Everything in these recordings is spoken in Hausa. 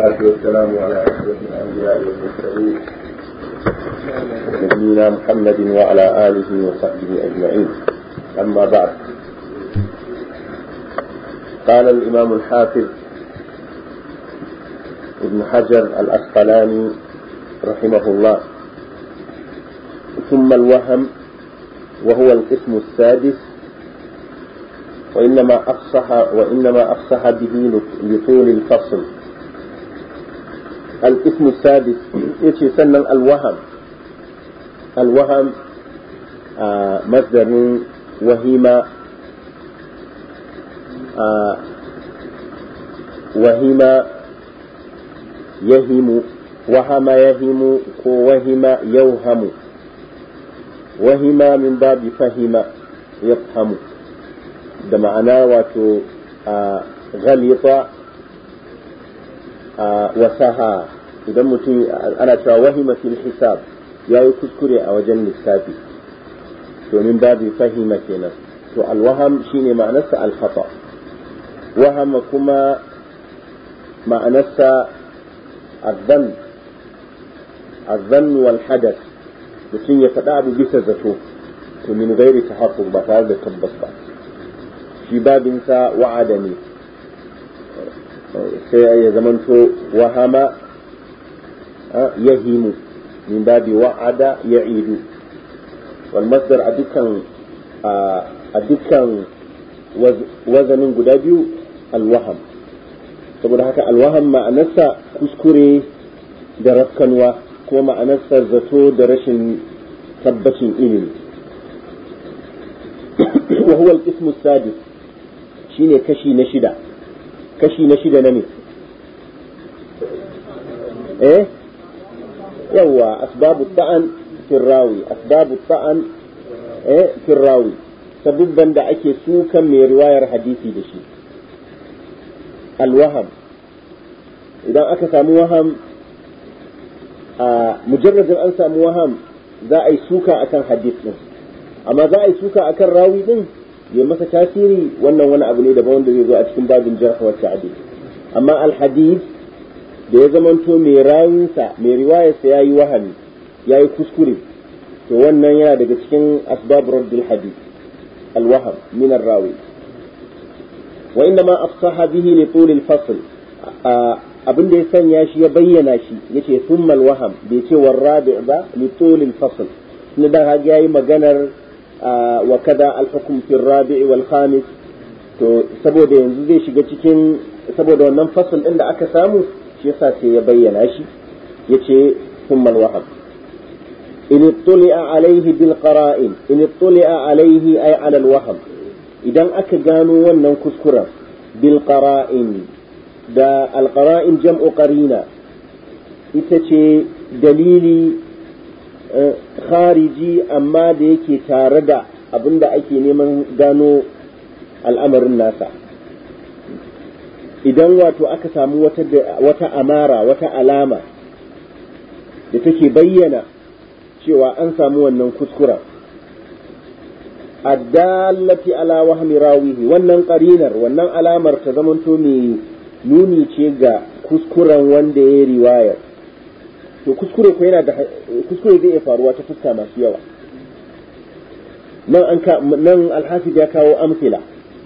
والصلاة والسلام على أشرف الأنبياء والمرسلين نبينا محمد وعلى آله وصحبه أجمعين أما بعد قال الإمام الحافظ ابن حجر الأسقلاني رحمه الله ثم الوهم وهو القسم السادس وإنما أفصح وإنما أفصح به لطول الفصل الاسم السادس يتي سنن الوهم الوهم آه، مصدر وهيمة آه، وهيمة يهيم وهم يهيم وهم يوهم وهم من باب فهم يفهم ده معناه واتو آه غلط wasaha idan mutum ana cewa wahima fil hisab yayi kuskure a wajen lissafi domin babu fahima kenan to alwaham shine ma'anarsa alkhata wahama kuma ma'anarsa azzan azzan wal hadath mutum ya faɗa abu bisa zato to min gairi tahaqqu ba tare da tabbas ba shi babinsa wa'ada ne sai ya zamanto wahama yahimu min babi wa'ada ya'idu wal masdar a dukkan a dukkan wazanin guda biyu alwaham saboda haka alwaham ma'anarsa kuskure da ko kuma ma'anarsa zato da rashin tabbacin ilimi wa huwa al-qismu sadis shine kashi na shida kashi na shida na ne eh yawa asbabu ta'an firrawi asbabu ta'an eh firrawi sabubban da ake sukan mai riwayar hadisi da shi alwaham idan aka samu waham a mujarradin an samu waham za a yi suka akan hadis din amma za a yi suka akan rawi din ya masa tasiri wannan wani abu ne daban wanda zai zo a cikin babin jarh wa ta'dil amma al hadith da ya zamanto mai rawinsa mai riwayarsa ya yi wahani ya yi kuskure to wannan yana daga cikin asbab raddul hadith alwaham min rawi wa inda ma afsaha bihi li tul al-fasl abin da ya sanya shi ya bayyana shi yace thumma alwaham bai ce warabi ba li tul al-fasl ne dan haka yayi maganar وكذا الحكم في الرابع والخامس to saboda yanzu zai shiga cikin saboda wannan fasul ɗin da aka samu shi yasa sai ya bayyana shi yace summal wahab in tuli'a alaihi bil qara'in in tuli'a alaihi ay ala al wahab idan aka gano wannan kuskuren bil qara'in da al qara'in jam'u qarina ita ce dalili Eh, khariji amma da yake tare da abinda ake neman gano al'amarin nasa idan wato aka samu wata wata amara wata alama da take bayyana cewa an samu wannan kuskura addallati ala wahmi rawihi wannan qarinar wannan alamar ta zamanto mai nuni ce ga kuskuren wanda ya riwayar to kuskure ko yana da kuskure zai iya faruwa ta fuska masu yawa nan an ka nan alhasib ya kawo amsila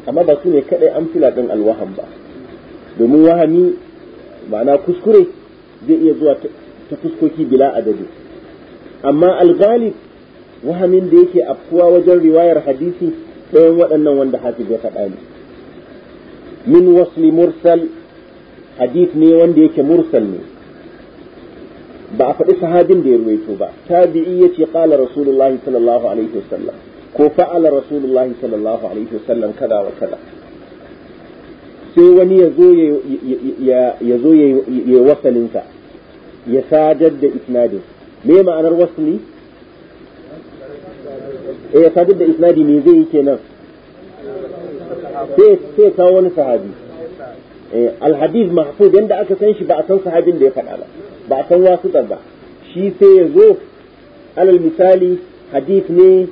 amma ba su ne kadai amsila din alwaham ba domin wahami ma'ana kuskure zai iya zuwa ta fuskoki bila adadi amma alghalib wahamin da yake afkuwa wajen riwayar hadisi ɗayan waɗannan wanda hafiz ya faɗa ne min wasli mursal hadith ne wanda yake mursal ne ba a faɗi sahabin da ya ruwaito ba tabi'i yace qala rasulullahi sallallahu alaihi wasallam ko fa'ala rasulullahi sallallahu alaihi wasallam kada wa kada sai wani ya zo ya zo ya wasalinsa ya sadar da isnadin me ma'anar wasli eh ya sadar da isnadi me zai yi kenan sai sai kawo wani sahabi eh alhadith mahfuz yanda aka san shi ba a san sahabin da ya faɗa ba ba a san wasuɗar ba shi sai ya zo alal misali hadith ne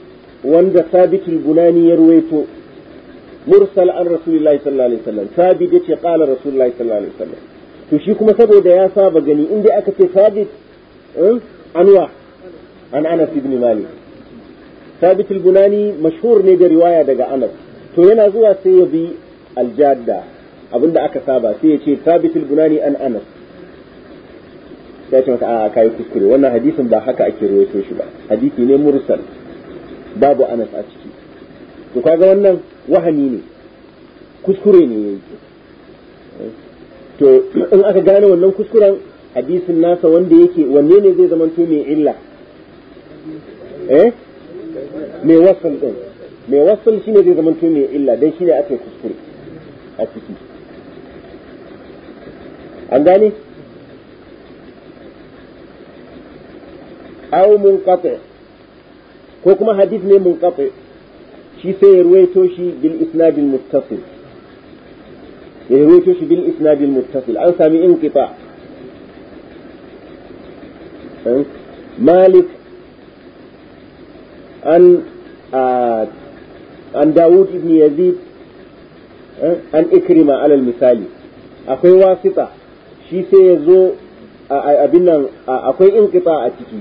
wanda sabitul bunani ya ruwaito mursal an rasulullahi sallallahu alaihi wasallam sabit yace qala rasulullahi sallallahu alaihi wasallam to shi kuma saboda ya saba gani inda aka ce sabit eh, anwa an anas ibn malik sabit bunani mashhur ne da riwaya daga anas to yana zuwa sai ya bi aljadda abinda aka saba sai ya ce sabit bunani an anas sai ce maka a kai kuskure wannan hadisin ba haka ake rawaito shi ba hadisi ne mursal babu anas a ciki to kaga wannan wahani ne kuskure ne yake to in aka gane wannan kuskuren hadisin nasa wanda yake wanne ne zai zama to mai illa eh mai wasal din mai wasal shine zai zama to mai illa dan shine ake kuskure a ciki an gane aw munqati ko kuma hadith ne munqati shi sai ruwaito shi bil isnad al muttasil ya ruwaito shi bil isnad al muttasil an sami inqita malik an an dawud ibn yazid an ikrima alal misali akwai shi sai ya zo abin nan akwai a ciki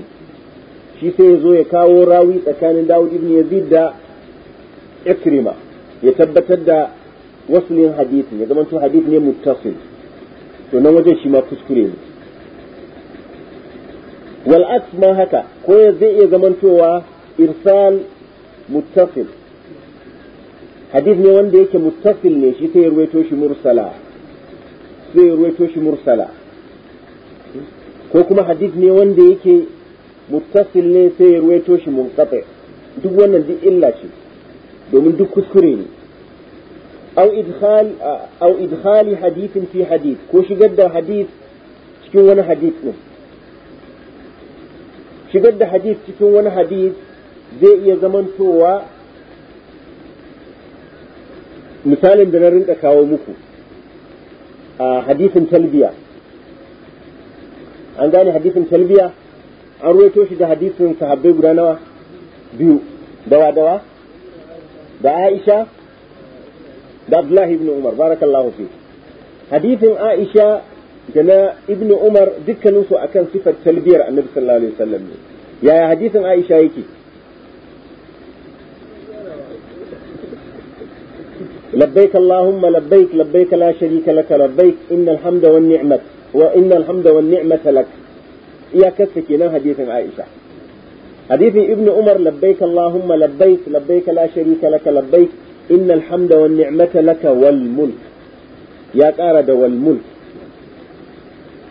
shi sai ya zo ya kawo rawi tsakanin Dawud ibn Yazid da Ikrima ya tabbatar da wasulin hadisin ya zamanto hadith ne muttasil to nan wajen shi ma kuskure ne wal ma haka ko zai iya zamantowa irsal muttasil hadith ne wanda yake muttasil ne shi sai ya ruwaito shi mursala sai ya ruwaito shi mursala ko kuma hadith ne wanda yake muttasil ne sai ya ruwaito shi munqati duk wannan duk illa ce domin duk kuskure ne aw idkhal aw idkhali hadithin fi hadith ko shigar da hadith cikin wani hadith ne shigar da hadith cikin wani hadith zai iya zamantowa misalin da na rinka kawo muku a hadithin talbiya an gane hadithin talbiya an ruwaito shi da hadisin sahabbai guda nawa biyu dawa dawa da Aisha da Abdullahi ibn Umar barakallahu fi hadisin Aisha da na ibn Umar dukkanin su akan sifar talbiyar Annabi sallallahu alaihi wasallam ne yaya hadisin Aisha yake لبيك اللهم لبيك لبيك لا شريك لك لبيك إن الحمد والنعمة وإن الحمد والنعمة لك iyakarsa kenan hadisin Aisha hadisin Ibn Umar labbaik Allahumma labbaik labbaik la sharika laka labbaik innal hamda wan ni'mata laka wal mulk ya ƙara da wal mulk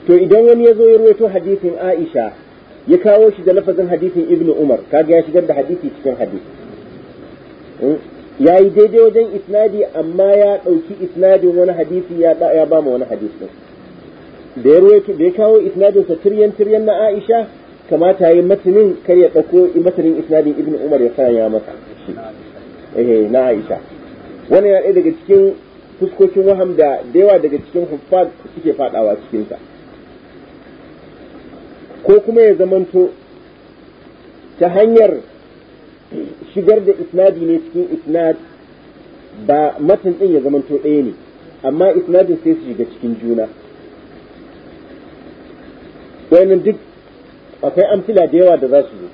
to idan wani ya zo ya ruwaito hadisin Aisha ya kawo shi da lafazin hadisin Ibn Umar kaga ya shigar da hadisi cikin hadisi hmm? ya yi daidai wajen isnadi amma ya ɗauki isnadin wani hadisi ya ba ma wani hadisi da ya ruwaito da ya kawo isnadin sa tiryan tiryan na Aisha kamata yayi matanin kar ya dauko matanin isnadin Ibn Umar ya sanya masa eh na Aisha wannan yana daga cikin fuskokin waham da yawa daga cikin huffaz suke fadawa cikin ko kuma ya zamanto ta hanyar shigar da isnadi ne cikin isnad ba matan ɗin ya zamanto ɗaya ne amma isnadin sai su shiga cikin juna wayannan duk akwai amsila da yawa da za su zo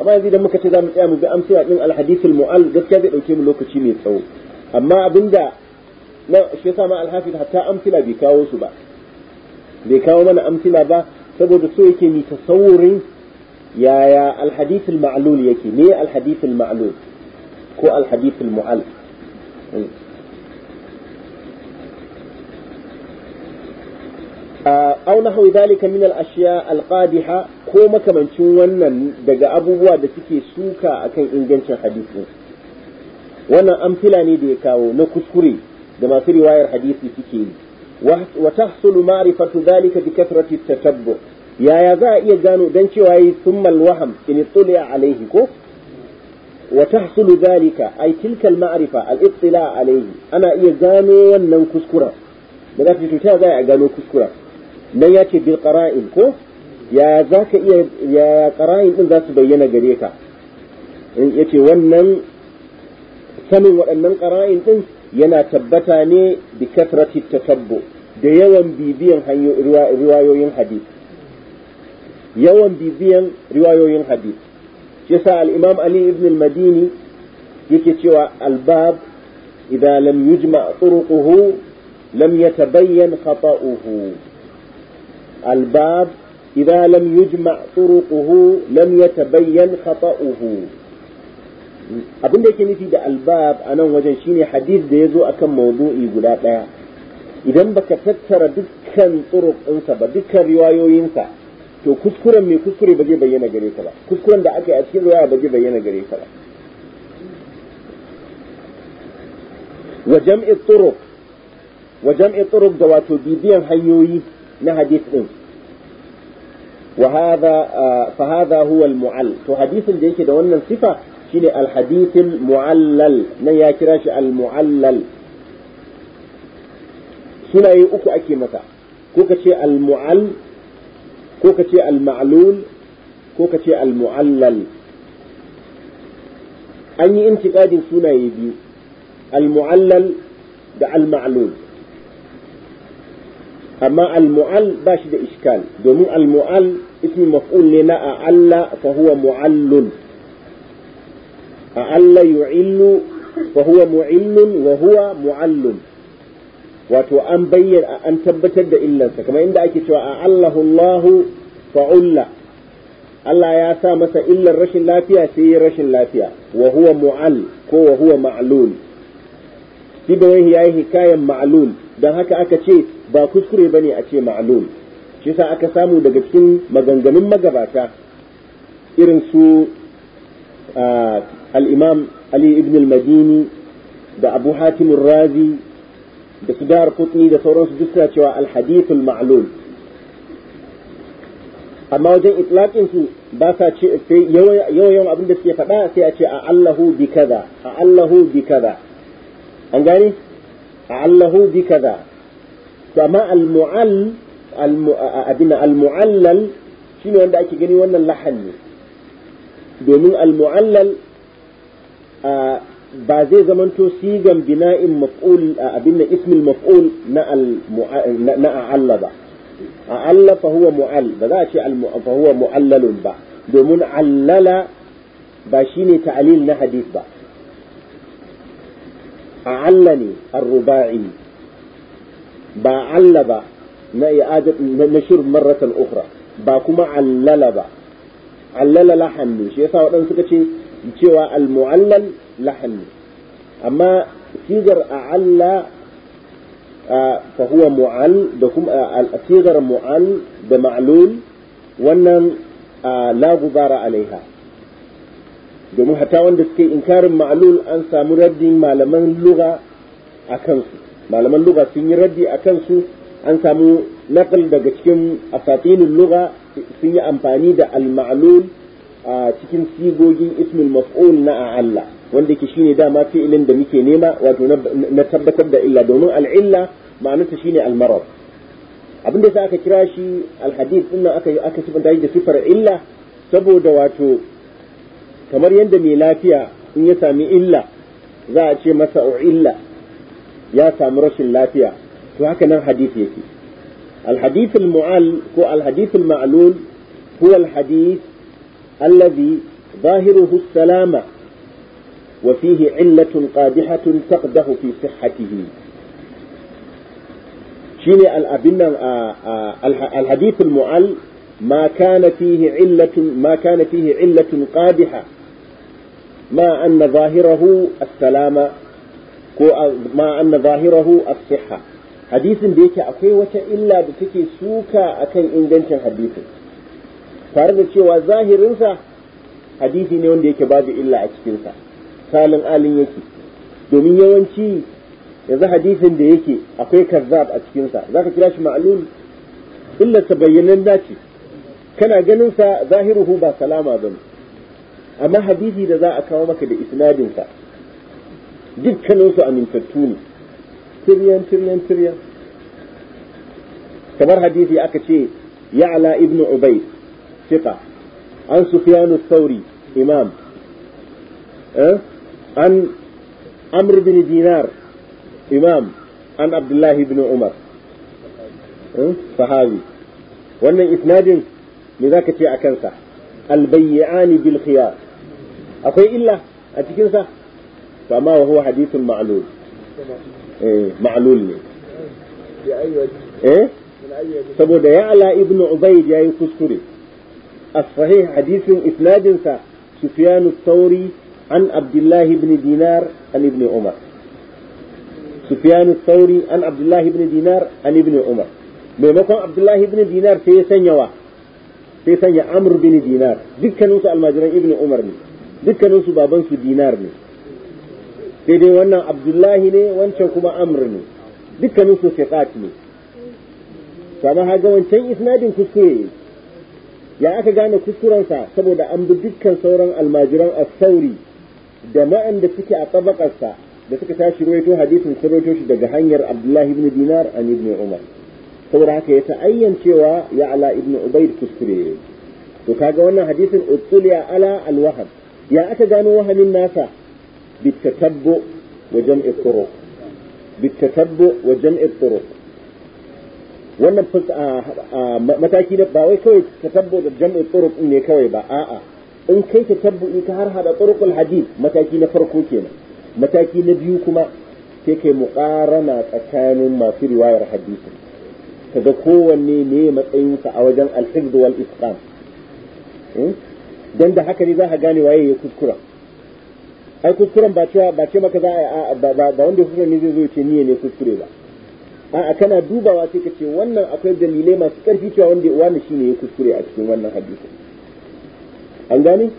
amma yanzu idan muka ce za mu tsaya mu bi amsila din alhadithul mu'al gaskiya zai dauke mu lokaci mai tsawo amma abinda na shi yasa ma alhafiz hatta amsila bai kawo su ba bai kawo mana amsila ba saboda so yake ni tasawurin yaya alhadithul ma'lul yake ne alhadithul ma'lul ko alhadithul mu'al hmm. aw nahwi zalika min al-ashya ko makamancin wannan daga abubuwa da suke suka kan ingancin hadisi wannan fila ne da ya kawo na kuskure da masu riwayar hadisi suke yi wa tahsulu ma'rifatu dhalika bi kathrati tatabbu yaya za a iya gano dan cewa yi summal waham in a alaihi ko wa tahsulu dhalika ay tilka al al alaihi ana iya gano wannan kuskura da za za a gano kuskura nan ya ce bil qara'in ko ya za ka iya ya qara'in din za su bayyana gare ka in yace wannan sanin waɗannan qara'in din yana tabbata ne bi kasrati tatabbu da yawan bibiyan riwayoyin hadith yawan bibiyan riwayoyin hadith shi yasa al-imam ali ibn al-madini yake cewa al-bab idza lam yujma turuquhu lam yatabayyan uhu. الباب إذا لم يجمع طرقه لم يتبين خطأه abin da yake nufi da albab a nan wajen shine hadis da ya zo a kan maudu'i guda ɗaya idan baka tattara dukkan tsuruk ɗinsa ba dukkan riwayoyinsa to kuskuren mai kuskure ba zai bayyana gare ka ba kuskuren da aka yi a cikin riwaya ba zai bayyana gare ka ba wa jam'i tsuruk wa jam'i tsuruk da wato bibiyan hanyoyi na hadith din وهذا فهذا هو المعل to hadithin da yake da wannan sifa shine al hadith al muallal nan ya kira shi al muallal sunaye uku ake mata ko ka ce al muall ko ka ce al ma'lul ko ka ce al muallal an yi intiqadin sunaye biyu al muallal da al ma'lul amma al-mu'al ba shi da iskal domin al-mu'al ismi maf'ul ne na allah fa huwa mu'allun a'alla yu'illu fa huwa mu'illun wa huwa mu'allun wato an bayyana an tabbatar da illansa kamar inda ake cewa a'allahu Allahu fa'ulla Allah ya sa masa illar rashin lafiya sai rashin lafiya wa huwa mu'al ko wa huwa ma'lul duk da wani yayi hikayan ma'lul don haka aka ce ba kuskure ne a ce ma'alul shi sa aka samu daga cikin maganganun magabata irin su al'imam imam Ali ibn al-Madini da Abu Hatim al-Razi da su dar kutni da sauransu duk suna cewa al-hadith amma wajen itlaqin su ba sa ce yawan abin da suke faɗa sai a ce a Allahu bi kaza a Allahu bi kaza an gane allahu bi kaza amma al-mu'all abin al-mu'allal shine wanda ake gani wannan lahan ne domin al-mu'allal ba zai zamanto sigan bina'in maf'ul abin da ismil maf'ul na na a'alla ba a'alla fa huwa mu'all ba za a ce fa huwa mu'allalun ba domin allala ba shine ta'alil na hadith ba أعلني الرباعي بعل با نشر مرة أخرى باكما علل با علل لحن شيء يسا وأنا سكتي cewa al-mu'allal lahal amma sigar a'alla fa huwa mu'al da kuma sigar mu'al da ma'lul wannan la gubara alaiha domin hatta wanda suke inkarin ma'alul an samu raddin malaman luga a kansu malaman luga sun yi raddi a kansu an samu naqal daga cikin asatinin luga sun yi amfani da al a cikin sigogin ismin maf'ul na Allah wanda yake shine dama fi'ilin da muke nema wato na tabbatar da illa domin al'illa illa ma'anarsa shine al-marad abin da sa aka kira shi al-hadith din aka aka sifanta da sifar illa saboda wato kamar yanda mai lafiya in ya sami illa za a ce masa o illa ya sami rashin lafiya to haka nan hadith yake الحديث المعل هو الحديث المعلول هو الحديث الذي ظاهره السلامة وفيه علة قادحة تقده في صحته شيني الحديث المعل ما كان فيه علة ما كان فيه علة قادحة مع أن ظاهره السلامة da yake akwai wata illa da take إلا بتكي سوكا أكن إنجنشن حديث فارد شيء وظاهر إنسا حديث نيون bada illa a أشكنسا سالم alin يكي domin yawanci yanzu hadisin da yake akwai kazzab a cikinsa za ka kira shi ma'alul illarsa bayyanan dace kana ganin sa zahiruhu ba salama bane amma hadisi da za a kawo maka da isnadinsa dukkaninsu amintattu ne tiryan tiryan tiryan kamar hadisi aka ce ya'la ibnu ubay thiqa an sufyan thawri imam an amr bin dinar imam an abdullah ibn umar sahabi wannan isnadin me zaka ce a kansa البيعان بالخيار akwai illa a cikin to amma wa huwa hadithun ma'lul eh ma'lul ne eh saboda ya ala ibnu ubayd yayi kuskure as-sahih hadithun isnadin sa sufyan ath-thawri an abdullah ibn dinar an ibn umar sufyan ath-thawri an abdullah ibn dinar an ibn umar maimakon abdullah ibn dinar sai ya sanya wa sai sanya amr bin dinar dukkaninsu almajiran ibn umar ne dukkanin babansu dinar ne sai dai wannan abdullahi ne wancan kuma amr ne dukkanin su fiqat ne kamar haga wancan isnadin kuskure ya aka gane kuskurensa saboda an bi dukkan sauran almajiran as-sauri da ma'an da suke a tabakarsa da suka tashi ruwaito hadisin sun shi daga hanyar abdullahi ibn dinar an ibn umar saboda haka ya ta'ayyan cewa ya ala ibn ubaid kuskure to kaga wannan hadisin utsuliya ala al-wahab يا أتجانوها من نافع بالتتبع وجمع الطرق بالتتبع وجمع الطرق وانا بس آه، آه، متاكينة باوي كوي تتبع وجمع الطرق اني كوي با آآ آه، ان كي تتبع انكهر هذا طرق الحديث متاكينة فرقوكينا متاكينة بيوكما تيكي مقارنة أكان ما في رواية الحديث تذكوه اني ميمة ايوتا اوجان الحفظ والإسقام إيه؟ dan da haka ne za ka gane waye ya kuskura ai kuskuren ba cewa ba ce maka za a ba wanda kuskuren ne zai zo ce ni ne kuskure ba a'a kana dubawa sai ka ce wannan akwai dalilai masu karfi cewa wanda wani shine ya kuskure a cikin wannan hadisi an gane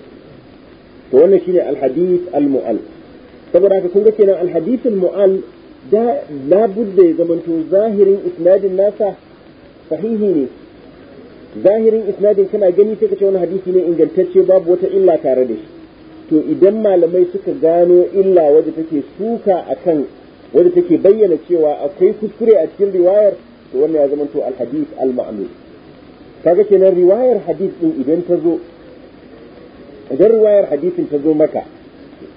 to wannan shine alhadith almu'al saboda haka kun ga kenan alhadith almu'al da labudda ya zamanto zahirin isnadin nasa sahihi ne zahirin isnadin kana gani sai ka ce wani hadisi ne ingantacce babu wata illa tare da shi to idan malamai suka gano illa wadda take suka akan wadda take bayyana cewa akwai kuskure a cikin riwayar to wannan ya zama to alhadis alma'mul kaga kenan riwayar hadis din idan ta zo idan riwayar hadisin ta zo maka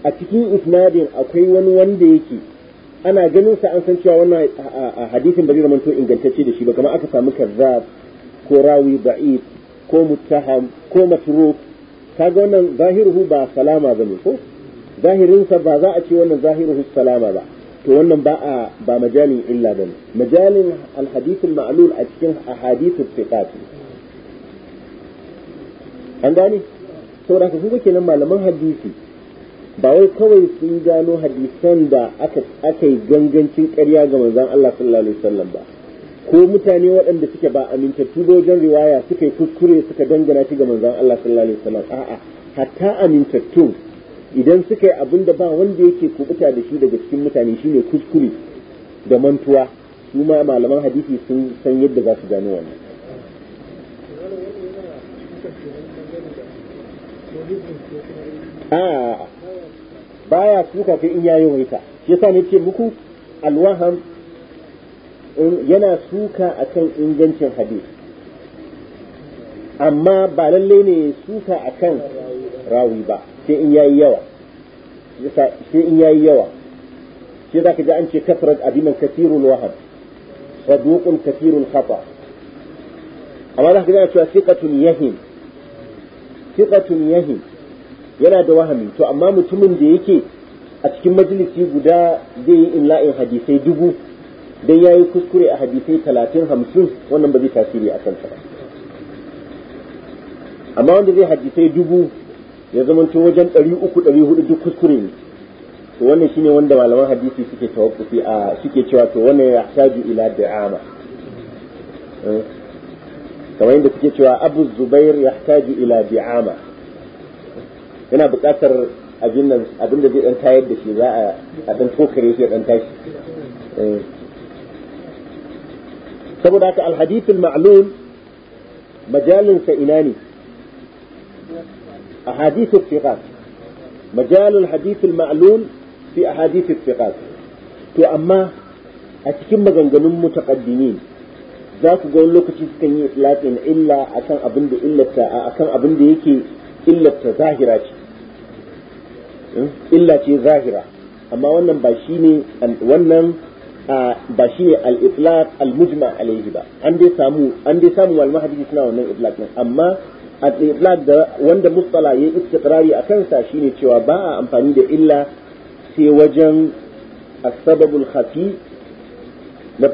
a cikin isnadin akwai wani wanda yake ana ganin sa an san cewa wannan hadisin ba zai zama to ingantacce da shi ba kamar aka samu kazzab ko rawi ba'id ko muttaham ko matruk kaga wannan zahiruhu ba salama bane ko zahirinsa ba za a ce wannan zahiruhu salama ba to wannan ba a ba majalin illa bane majalin alhadithul ma'lul a cikin ahadithul thiqat an gane saboda ka kuka kenan malaman hadisi ba wai kawai sun gano hadisan da aka aka yi gangancin ƙarya ga manzon Allah sallallahu alaihi wasallam ba ko mutane waɗanda suke ba amintattu ba wajen riwaya suka yi kuskure suka dangana shi ga manzon Allah sallallahu alaihi wasallam a'a hatta amintattun idan suka yi abin da ba wanda yake kubuta da shi daga cikin mutane shine kuskure da mantuwa su ma malaman hadisi sun san yadda za su gano wannan A'a, baya suka kai in yayi waita yasa ne ce muku alwaham yana suka akan ingancin hadis amma ba lallai ne suka akan rawi ba sai in yayi yawa sai in yayi yawa sai zaka ji an ce kafrat abiman kathirul wahab saduqun kathirul khata amma zaka ji cewa siqatun yahin siqatun yahin yana da wahami to amma mutumin da yake a cikin majalisi guda zai yi imla'in hadisai dubu dan yayi kuskure a hadisai 30 50 wannan ba zai tasiri a kansa ba amma wanda zai hadisai dubu ya zamanto wajen 300 400 duk kuskure ne to wannan shine wanda malaman hadisi suke tawaffufi a suke cewa to wannan ya haju ila da'ama eh? kamar yadda suke cewa abu zubair ya haju ila da'ama yana buƙatar abin nan abin da zai dan tayar da shi za a dan tokare shi ya dan tashi eh. saboda haka alhadith al-ma'lum majalin sa ina ne a al-thiqat majal al-hadith al-ma'lum fi ahadith al to amma a cikin maganganun mutaqaddimin za ku ga wani lokaci sukan yi itlaqin illa akan abin da illata akan abin da yake illata zahira ce hmm? illa ce zahira amma wannan ba shine wannan آه، بشيء الإطلاق المجمع عليه بقى عندي سامو عندي سامو والمحدث يسنا عن الإطلاق نعم نعم. أما الإطلاق ده وند مصطلع يستقراري أكن ساشيني تشوى باء أمفاني ده إلا سي وجن السبب الخفي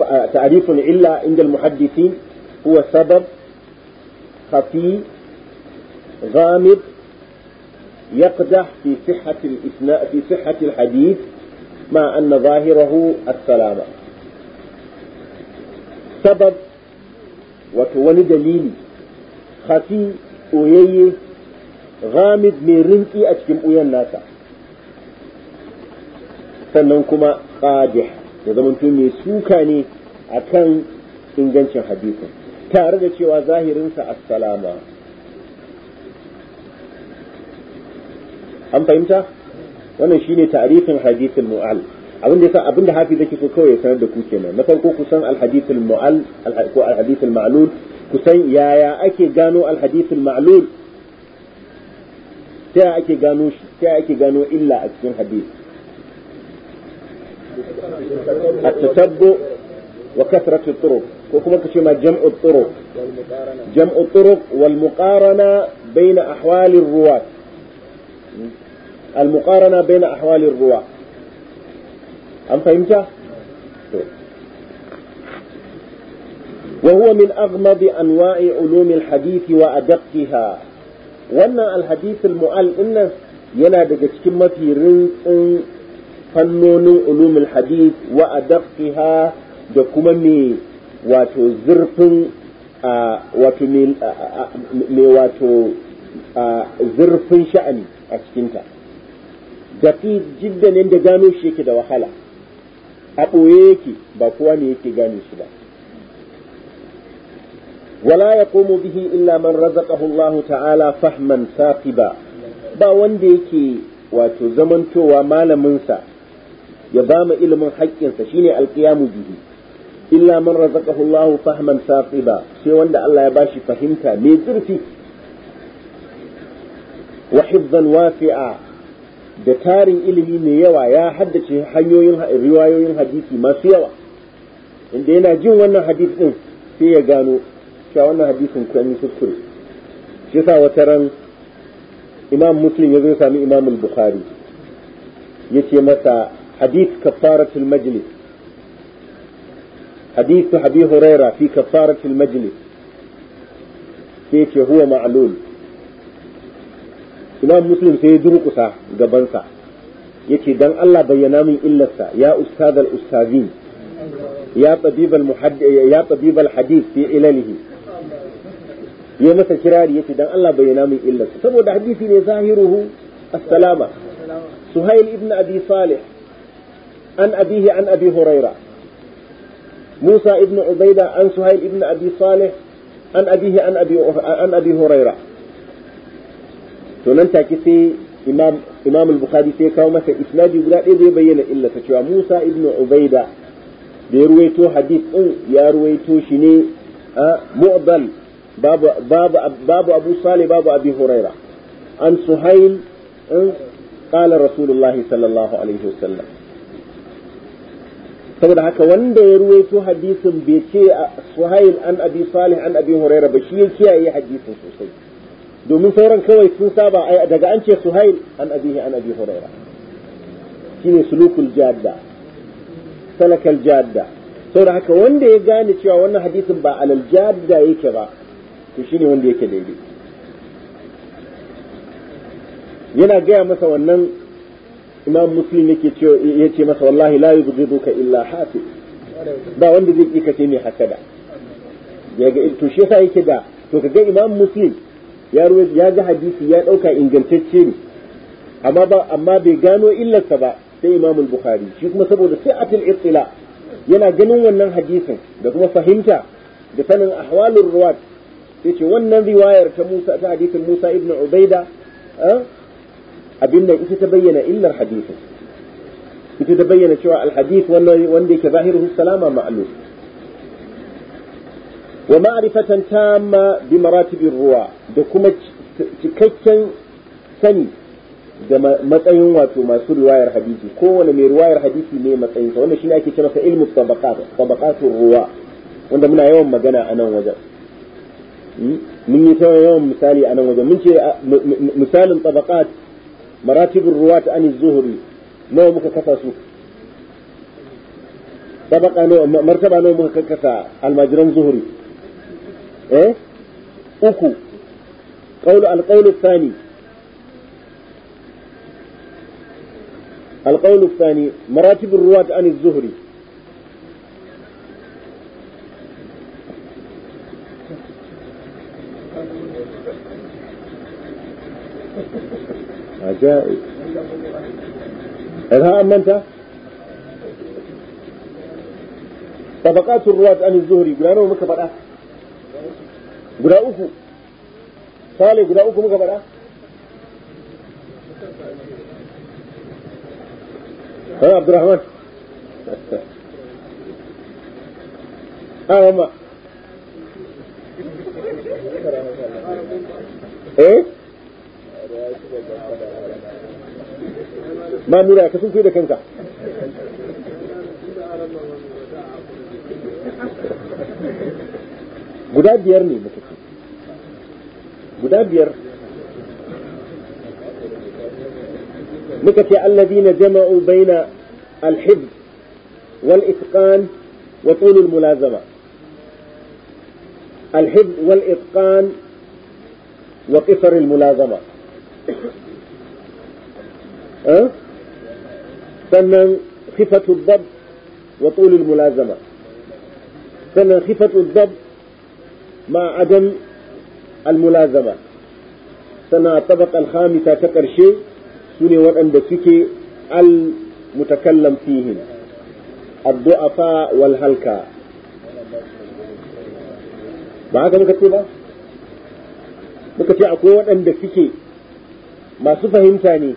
آه، تعريف إلا عند المحدثين هو سبب خفي غامض يقدح في صحة الإثناء في صحة الحديث مع أن ظاهره السلامة سبب وتولي دليل خفي أويي غامض من رنكي أتكم أويا الناس سننكما قادح يضمن توني سوكاني أكن ingancin hadisin tare da cewa zahirinsa assalama an fahimta wannan shine ta'rifin hadithul mu'al abin da abin da hafi zake so kawai ya sanar da ku kenan na farko ku san alhadithul mu'al ko alhadithul ma'lul ku san yaya ake gano alhadithul ma'lul ta ake gano shi ta ake gano illa a cikin hadith at-tatabbu wa kasratu turuq ko kuma kace ma jam'u turuq jam'u turuq wal muqarana bayna ahwalir ruwat al-muqarana bayna ahwalir ruwa an fahimta وهو من أغمض أنواع علوم الحديث وأدقها وأن الحديث المؤل إن ينا دقشكمة في رنس فنون علوم الحديث وأدقها دكممي واتو زرف واتو مي واتو زرف شأني أشكنتا gafi ne yadda gano shi yake da wahala a ɓoye yake ba kowa ne yake gane shi ba wala ya komo bihi illa man razaqahu Allah ta'ala fahman safiba ba wanda yake wato zamantowa malaminsa ya ba mu ilimin haƙƙinsa shine alƙiyamu bihi illa man razaqahu Allah fahman safiba sai wanda Allah ya bashi fahimta mai zurfi wa hifzan wasi'a da tarin ilimi mai yawa ya haddace hanyoyin riwayoyin hadisi masu yawa inda yana jin wannan hadisi din sai ya gano cewa wannan hadisin kan kuskure shi sa wata ran imam muslim ya zo sami imam al-bukhari yace masa hadith kafaratul majlis hadith abi huraira fi kafaratul majlis sai ce huwa ma'lul imam muslim sai ya durƙusa gabansa yace dan Allah bayyana min illarsa ya ustad al ustazin ya tabib al muhaddith ya tabib al hadith fi ilalihi ya masa kirari yace dan Allah bayyana min illarsa saboda hadisi ne zahiruhu as-salama suhail ibn abi salih an abihi an abi hurayra musa ibn ubaida an suhail ibn abi salih an abihi an abi an abi huraira to nan take sai imam imam al-bukhari sai kawo masa isnadi guda ɗaya zai bayyana illa ta cewa musa ibn ubaida da ya ruwaito hadith din ya ruwaito shi ne mu'dal babu babu babu abu salih babu abi huraira an suhail qala rasulullah sallallahu alaihi wasallam saboda haka wanda ya ruwaito hadisin bai ce suhail an abi salih an abi huraira ba shi ya kiyaye hadisin sosai domin sauran kawai sun saba daga an ce suhail an abihi an abi huraira shine sulukul jadda salakal jadda saboda haka wanda ya gane cewa wannan hadisin ba alal jadda yake ba to shine wanda yake daidai yana gaya masa wannan imam muslim yake cewa yace masa wallahi la ka illa hafi ba wanda zai kika ce mai hasada ya ga to shi yasa yake da to kaga imam muslim ya ya ga hadisi ya ɗauka ingantacce ne amma ba amma bai gano illarsa ba sai Imam Bukhari shi kuma saboda sa'atul ittila yana ganin wannan hadisin da kuma fahimta da sanin ahwalur ruwat yace wannan riwayar ta Musa ta hadisin Musa ibn Ubaida eh, abin ita ta bayyana illar hadisin ita ta bayyana cewa al wanda yake zahiru salama ma'lum wa ma'rifatan tamma bi maratibir ruwa da kuma cikakken sani da matsayin wato masu riwayar hadisi kowane mai riwayar hadisi ne matsayinsa wanda shine ake ce sa ilmu tabaqat tabaqatur ruwa wanda muna yawan magana a nan wajen hmm? mun yi yawan misali a nan wajen mun ce misalin tabaqat maratibur ta an zuhri nawa muka kafa su tabaqa nawa martaba nawa muka kasa almajiran zuhri إيه uku قول القول الثاني القول الثاني مراتب الرواة عن الزهري عجائب ها أما أنت طبقات الرواة عن الزهري قلنا مكبر أه guda uku sale guda uku muka faɗa Ana Abdurrahman. Ah, mamma. Eh? Ma nura ka sun da kanka. guda biyar ne muka ce guda biyar muka ce allazina jama'u baina al-hifz wal itqan wa tul al-mulazama الحفظ والإتقان وقصر الملازمة أه؟ سنن خفة الضبط وطول الملازمة سنن خفة dab ما عدم الملازمة سنة طبق الخامسة شيء سنة وقم بسكي المتكلم فيهم الضعفاء والهلكاء ما هذا مكتبه؟ مكتبه أقول وقم بسكي ما سفهم ثاني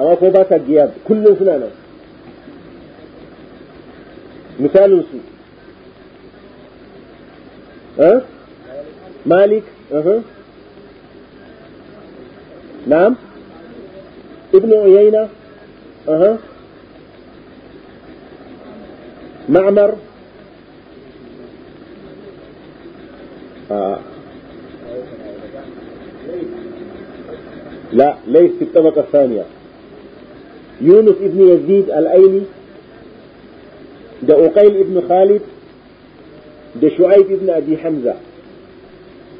أما فوباتا قياد كل فنانا مثال سوء ها؟ مالك أه. نعم ابن عيينة أه. معمر آه. لا ليس في الطبقة الثانية يونس ابن يزيد الأيلي ده أقيل ابن خالد ده شعيب ابن أبي حمزة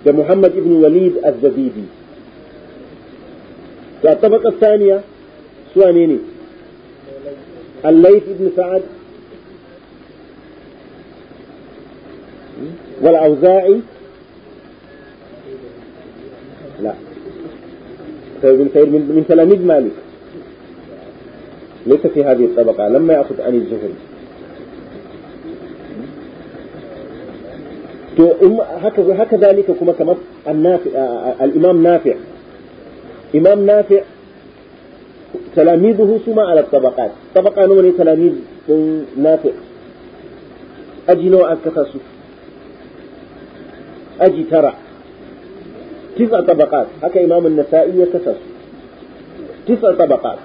كمحمد بن وليد الزبيدي والطبقة الثانية سوانيني الليث بن سعد والأوزاعي لا سعيد بن سعيد من تلاميذ مالك ليس في هذه الطبقة لما يأخذ عن الزهري هكذا haka كما zalika kuma kamar al-imam nafi' تلاميذه سما على الطبقات طبقة نوع تلاميذ نافع أجي نوع أكتسو أجي ترى تسع طبقات هكا إمام النسائي يكتسو تسع طبقات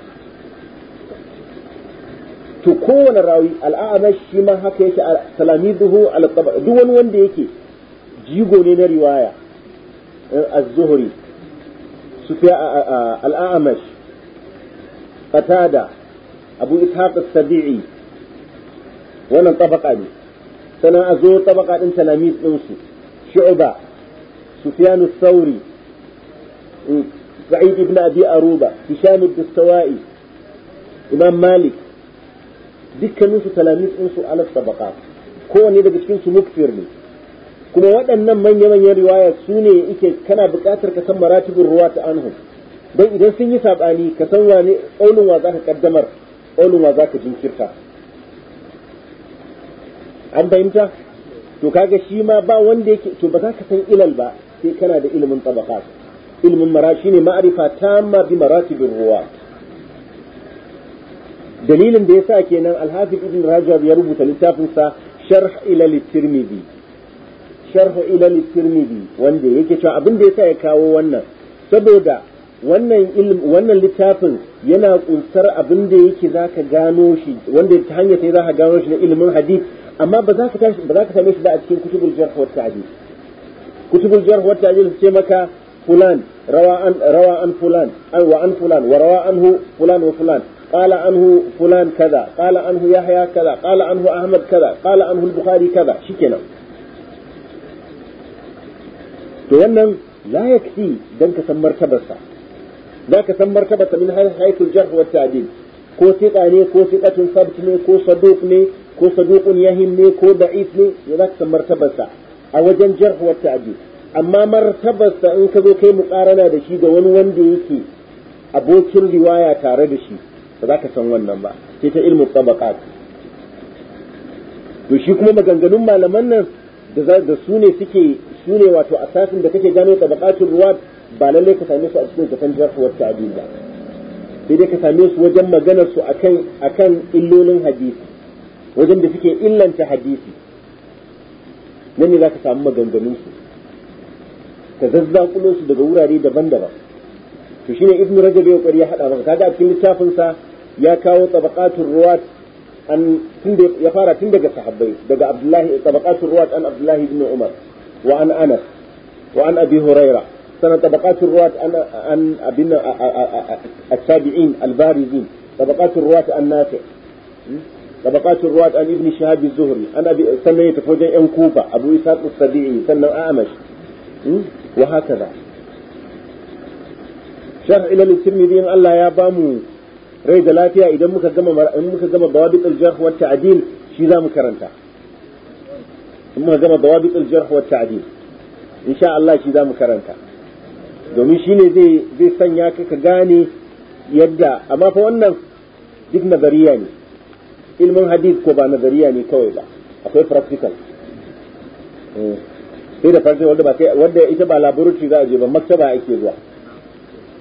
تكون الراوي الأعمش ما هكا تلاميذه على الطبقات دون وين ديكي jigo ne na riwaya az-zuhri sufya al-a'mash qatada abu ishaq as-sabi'i wannan tabaka ne sannan a zo tabaka din talamis din su shu'ba sufyan ath-thawri mm, sa'id ibn abi aruba hisham ad-dastawai imam malik dukkaninsu talamis ɗinsu alaf tabaka kowanne daga su mukfir ne kuma waɗannan manya-manyan riwaya su ne yake kana buƙatar ka san maratibin ruwa ta anhu don idan sun yi saɓani ka san ne ƙaunin wa za ka ƙaddamar ƙaunin wa za ka jinkirta an fahimta to kaga shi ma ba wanda yake to ba za ka san ilal ba sai kana da ilmin tabaka Ilmin mara ne ma'arifa tamma bi maratibin ruwa dalilin da ya sa kenan al-hafiz ibn rajab ya rubuta littafin sa sharh ilal tirmidhi sharh ilal tirmidhi wanda yake cewa abin da yasa ya kawo wannan saboda wannan littafin yana kunsar abin da yake zaka gano shi wanda ta hanyar sai gano shi na ilimin hadith amma ba za ka tashi ba za ka same a cikin kutubul jarh wa ta'dil kutubul jarh maka fulan rawa an fulan wa an fulan wa rawa anhu fulan wa fulan قال عنه فلان كذا قال عنه يحيى كذا قال عنه أحمد كذا قال عنه البخاري كذا شكنا da wannan la yakfi dan ka san martabarsa za ka san martabarsa min haythul jarh wa ta'dil ko thiqa ne ko thiqatun sabt ne ko saduq ne ko saduqun yahim ne ko da'if ne ya za ka san martabarsa a wajen jarh wa ta'dil amma martabarsa in ka zo kai muqarana da shi da wani wanda yake abokin riwaya tare da shi ba za ka san wannan ba sai ta ilmu tabaqat to shi kuma maganganun malaman nan da da su ne suke su ne wato asasin da kake gano tabaqatul ruwat ba lalle ka same su a cikin kafan jarh wa ta'dil ba sai dai ka same su wajen maganar su akan akan illolin hadisi wajen da suke illanta hadisi nan ne zaka samu maganganun su ka zazzakulo su daga wurare daban-daban to shine ibnu rajab ya kokari ya hada maka kaga a cikin littafin sa ya kawo tabaqatul ruwat an ya fara tun daga sahabbai daga abdullahi tabaqatul ruwat an abdullahi ibn umar wa an anas wa an abi huraira sanan tabaqatul ruwat an an abin at-tabi'in al-barizin tabaqatul ruwat an nafi hmm? tabaqatul ruwat an ibn shahab az-zuhri an abi sanan ta fojin yan kufa abu ishaq as-sadi'i sanan amash hmm? wa hakaza sharh ila al-tirmidhi Allah ya bamu rai da lafiya idan muka gama in muka gama dawabit al-jarh wa ta'dil shi za mu karanta in muka gama dawabit al-jarh wa ta'dil insha Allah shi za mu karanta domin shine zai zai sanya ka ka gane yadda amma fa wannan duk nazariya ne ilmin hadith ko ba nazariya ne kawai ba akwai practical eh, sai da farko wanda ba sai wanda ita ba laboratory za a je ba maktaba ake zuwa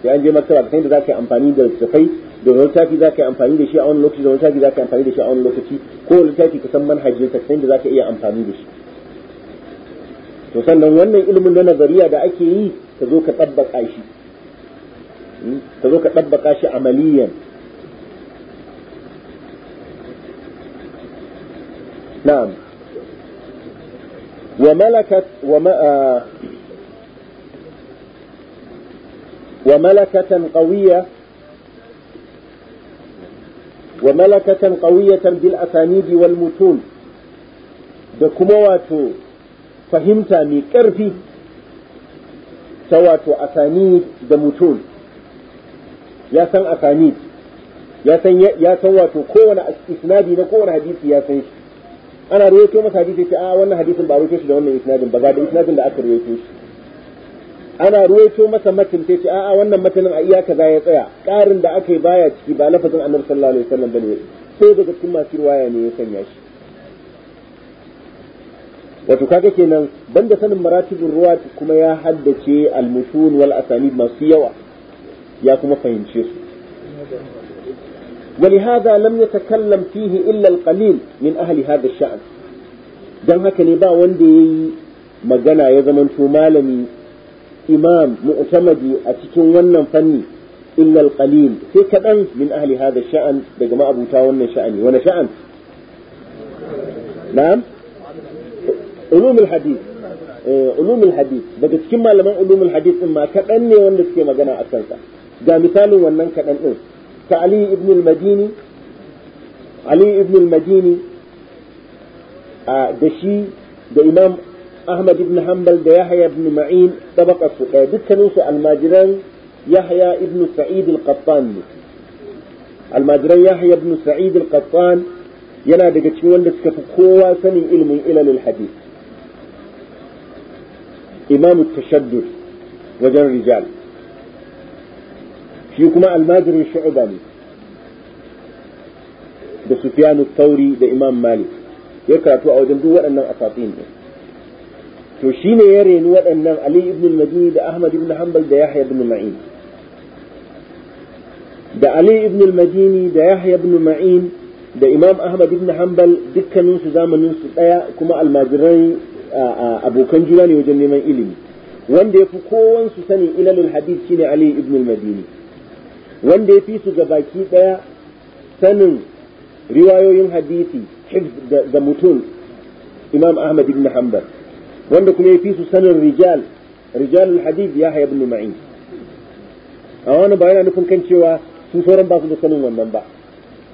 sai an je maktaba sai da za ka yi amfani da littattafai da tafi littafi za ka yi amfani da shi a wani lokaci da tafi littafi za ka yi amfani da shi a wani lokaci ko wani tafi ka san manhajin ka san da za ka iya amfani da shi to sannan wannan ilimin da nazariya da ake yi ka zo ka tabbaka shi ka zo ka tabbaka shi amaliyan na'am wa malakat wa ma'a وملكة قوية وملكة قوية بالأسانيد والمتون da kuma wato fahimta mai ƙarfi ta wato asani da mutum ya san asani ya ya san wato kowane isnadi na kowane hadisi ya san shi ana rawaito masa hadisi ce a ah, wannan hadisin ba rawaito shi da wannan isnadin ba da isnadin da aka rawaito shi ana ruwaito masa matan sai ce a'a wannan matanin a iya kaza ya tsaya ƙarin da aka yi baya ciki ba lafazin annabi sallallahu alaihi wasallam bane sai daga cikin masu ruwaya ne ya sanya shi wato kaga kenan banda sanin maratibin ruwa kuma ya haddace almutun wal asanid masu yawa ya kuma fahimce su ولهذا لم يتكلم فيه إلا القليل من أهل هذا الشأن dan haka ne ba wanda ya yi magana ya zamanto malami imam mu'tamadi a cikin wannan fanni illal alqalil sai kadan min ahli hada sha'an daga ma'abuta wannan sha'ani wani sha'an na'am ulumul hadith eh, ulumul hadith daga cikin malaman ulumul hadith din ma kadan ne wanda suke magana a kansa ga misalin wannan kadan din ta ali ibn al-madini ali ibn al-madini da shi da imam Ahmad ibn Hanbal da Yahya ibn Ma'in tabaka su ɗaya dukkanin su almajiran Yahya ibn Sa'id al-Qattan ne almajiran Yahya ibn Sa'id al-Qattan yana daga cikin wanda suka fi kowa sanin ilmin ilalul hadith imam tashaddud wajen rijal shi kuma almajirin shu'ba ne da Sufyan tauri thawri da Imam Malik ya karatu a wajen duk waɗannan asatin ne to shine ya reni waɗannan Ali ibn Madini da Ahmad ibn Hanbal da Yahya ibn Ma'in da Ali ibn Madini da Yahya ibn Ma'in da Imam Ahmad ibn Hanbal dukkanin su zamanin su daya kuma almajiran abokan juna ne wajen neman ilimi wanda ya fi kowan su sani ilalul hadith shine Ali ibn Madini wanda ya fi su gabaki daya sanin riwayoyin hadisi da mutum Imam Ahmad ibn Hanbal wanda kuma ya fi su sanin rijal rijalul hadis ya haya ibn ma'in a wani ba yana nufin kan cewa su sauran ba su da sanin wannan ba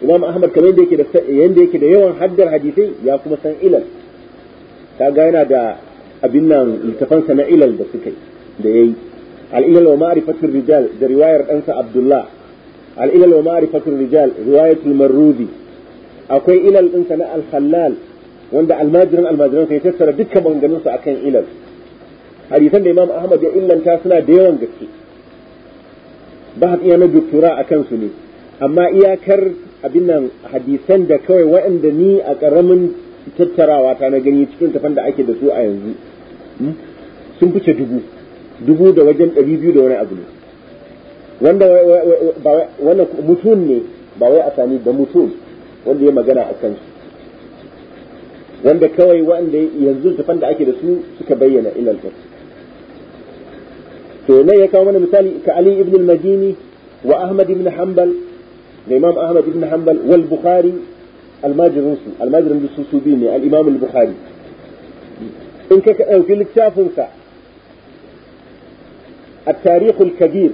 imam ahmad kamar yadda yake da yanda yake da yawan haddar hadisai ya kuma san ilal ga yana da abin nan littafansa na ilal da suka da yayi al-ilal wa ma'rifatul rijal da riwayar ɗansa abdullah al-ilal wa ma'rifatul rijal riwayatul marrudi akwai ilal ɗinsa na al-khallal wanda almajiran almajiran sai tattara dukkan maganganunsu akan ilal hadisan da imam ahmad ya illanta suna da yawan gaske ba iya na doktora a kansu ne amma iyakar abin nan hadisan da kawai waɗanda ni a ƙaramin tattarawa ta na gani cikin tafan da ake da su a yanzu hmm, sun fice dubu dubu da wajen ɗari biyu da wani abu ne wanda wannan mutum ne ba wai a sami da mutum wanda ya magana a kansu wanda kawai wanda yanzu tafan da ake da su suka bayyana ilanta to nan ya kawo mana misali ka Ali ibn al-Madini wa Ahmad ibn Hanbal da Imam Ahmad ibn Hanbal wal Bukhari almajirin su almajirin su su bi ne al-Imam al-Bukhari in ka ɗauki littafin sa at-Tarikh al-Kabir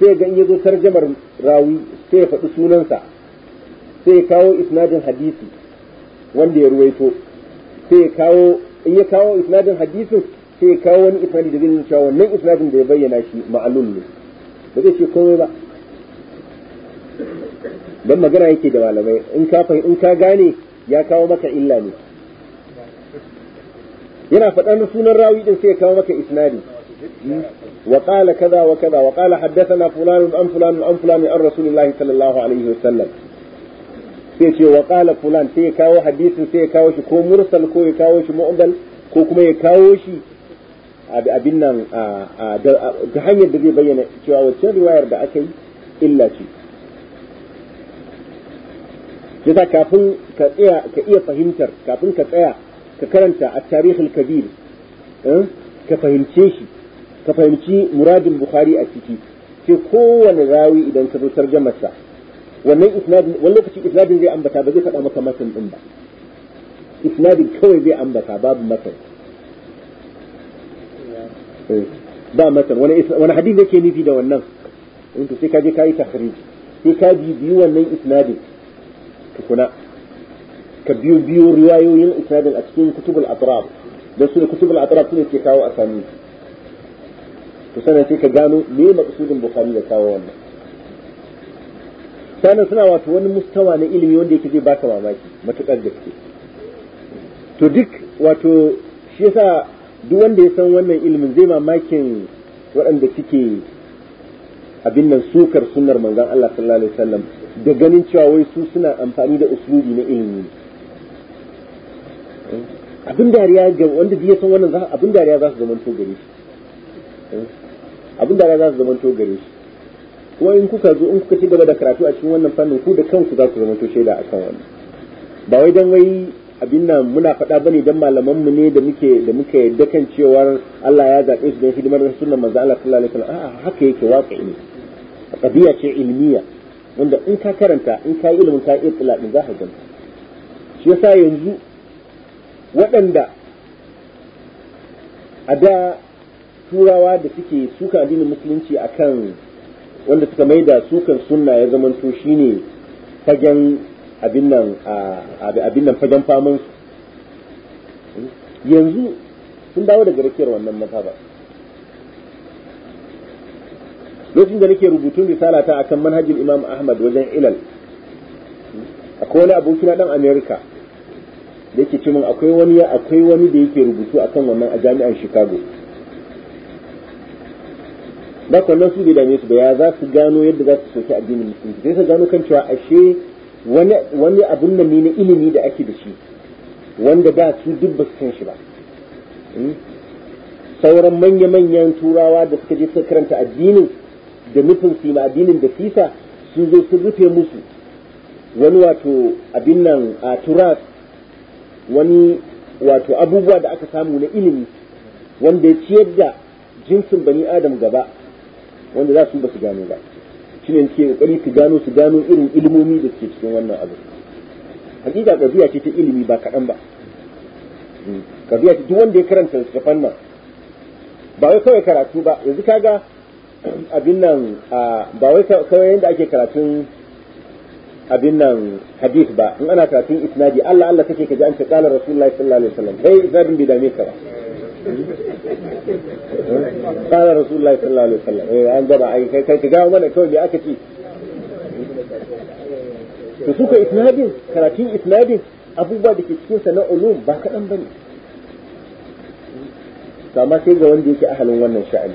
sai ga in yazo tarjamar rawi sai ya faɗi sunansa sai ya kawo isnadin hadisi wanda ya ruwaito sai ya kawo in ya kawo isnadin hadisin sai ya kawo wani isnadi da zai cewa wannan isnadin da ya bayyana shi ma'alul ne ba zai ce komai ba dan magana yake da malamai in ka in ka gane ya kawo maka illa ne yana faɗan sunan rawi din sai ya kawo maka isnadi وقال كذا وكذا وقال حدثنا فلان عن فلان عن فلان عن رسول الله صلى الله عليه وسلم sai ce wa kala fulan sai ya kawo hadisin sai ya kawo shi ko mursal ko ya kawo shi mu'dal ko kuma ya kawo shi abin nan ta hanyar da zai bayyana cewa wacce riwayar da aka yi illa ce yasa kafin ka tsaya ka iya fahimtar kafin ka tsaya ka karanta a tarihul kabir eh, ka fahimce shi ka fahimci muradin bukhari a ciki sai kowane rawi idan ka zo sa wannan isnadin wani lokaci isnadin zai ambata ba zai faɗa maka matan ɗin ba isnadin kawai zai ambata babu matan eh, ba matan wani hadin da ke nufi da wannan in to sai ka je kai tahrij sai ka biyu wannan isnadin tukuna ka biyo biyo riwayoyin isnadin a cikin kutubul atraf dan su ne kutubul atraf ne ke kawo asani to sanan sai ka gano me maqsudin bukhari da kawo wannan sanan suna wato wani mustawa na ilimi wanda yake zai baka mamaki matukar gaske to duk wato shi yasa duk wanda ya san wannan ilimin zai mamakin waɗanda suke abin nan sukar sunnar manzon Allah sallallahu alaihi wasallam da ganin cewa wai su suna amfani da usulubi na ilimi abin dariya ga wanda ya san wannan abin dariya za su to gare shi abin dariya za su to gare shi wa in kuka zo in kuka ci gaba da karatu a cikin wannan fannin ku da kanku za ku zama to shaida akan wannan ba wai dan wai abin nan muna faɗa bane dan malaman mu ne da muke da muka yadda kan cewa Allah ya zabe su don hidimar sunnan manzo Allah sallallahu alaihi wasallam a'a haka yake waƙi ne qadiya ce ilmiya wanda in ka karanta in ka yi ilimin ka yi tsila za ka ganta shi yasa yanzu waɗanda a da turawa da suke suka addinin musulunci akan wanda suka mai da sukan sunna ya zamanto shine fagen abin nan abin nan fagen faman su yanzu sun dawo daga rakiyar wannan mazhaba lokacin da nake rubutun risala ta akan manhajin Imam Ahmad wajen ilal akwai wani abokina dan America da yake cewa akwai wani akwai wani da yake rubutu akan wannan a jami'an Chicago ba ku su bai dame su ba ya za su gano yadda za su soki addinin musulunci sai su gano kan cewa ashe wani wani abun nan ne na ilimi da ake da shi wanda da su duk ba su san shi ba hmm? sauran manya-manyan turawa da suka je suka karanta addinin da nufin su addinin da fisa sun zo su rufe musu wani wato abin nan a turas wani wato abubuwa da aka samu na ilimi wanda ya ciyar da jinsin bani adam gaba wanda za su ba su gano ba shi ne ke kokari ta gano su gano irin ilimomi da suke cikin wannan abu hakika kabiya ce ta ilimi ba kaɗan ba kabiya hmm. ce duk wanda ya karanta kafan nan ba wai kawai karatu ba yanzu kaga abin nan ba wai kawai yadda ake karatun abin nan hadith ba in ana karatun isnadi Allah Allah kake ka ji an ce qala rasulullahi sallallahu alaihi wasallam kai zabin bi dame ka ba قال رسول الله صلى الله عليه وسلم إيه، أنا ضبع كيف تجاوب من كل بأكتي تسوق إثنابين كراتين إثنابين أبو بعد كتير سنة علوم بقى أم بني كما سيد وندي كأهل ومن شعبي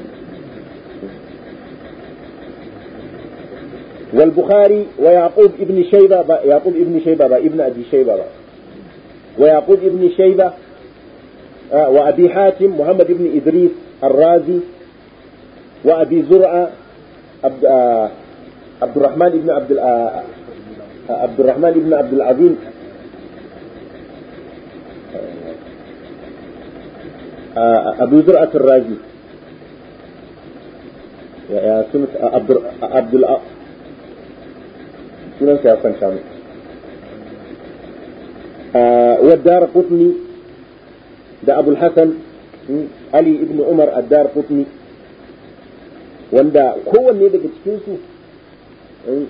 والبخاري ويعقوب ابن شيبة يعقوب ابن شيبة ابن أبي شيبة ويعقوب ابن شيبة آه، وأبي حاتم محمد بن إدريس الرازي وأبي زرعة عبد, آه، عبد الرحمن بن عبد آه، عبد الرحمن بن عبد العظيم أبو زرعة الرازي يا سنة عبد عبد الأ سنة يا سنة والدار قطني da abul hasan hmm, ali ibn umar addar qutni wanda kowanne daga cikinsu hmm,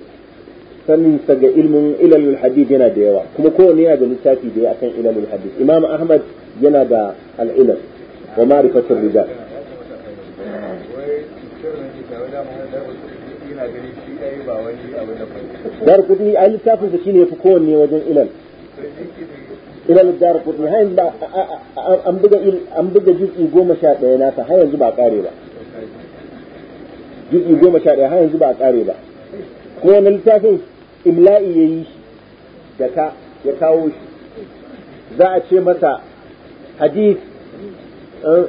sanin sa ga ilmin ilalul hadith yana da yawa kuma kowanne yana da littafi da ya akan ilalul hadith imam ahmad yana da al'ilal wa ma'rifatul rijal dar kudi a littafin sa shine yafi kowanne wajen ilal imam dar qutni har ba an buga an buga juz'i goma sha ɗaya nasa har yanzu ba a ƙare ba juz'i goma sha ɗaya har yanzu ba a ƙare ba ko wannan littafin imla'i ya yi da ka ya kawo shi za a ce mata hadith eh,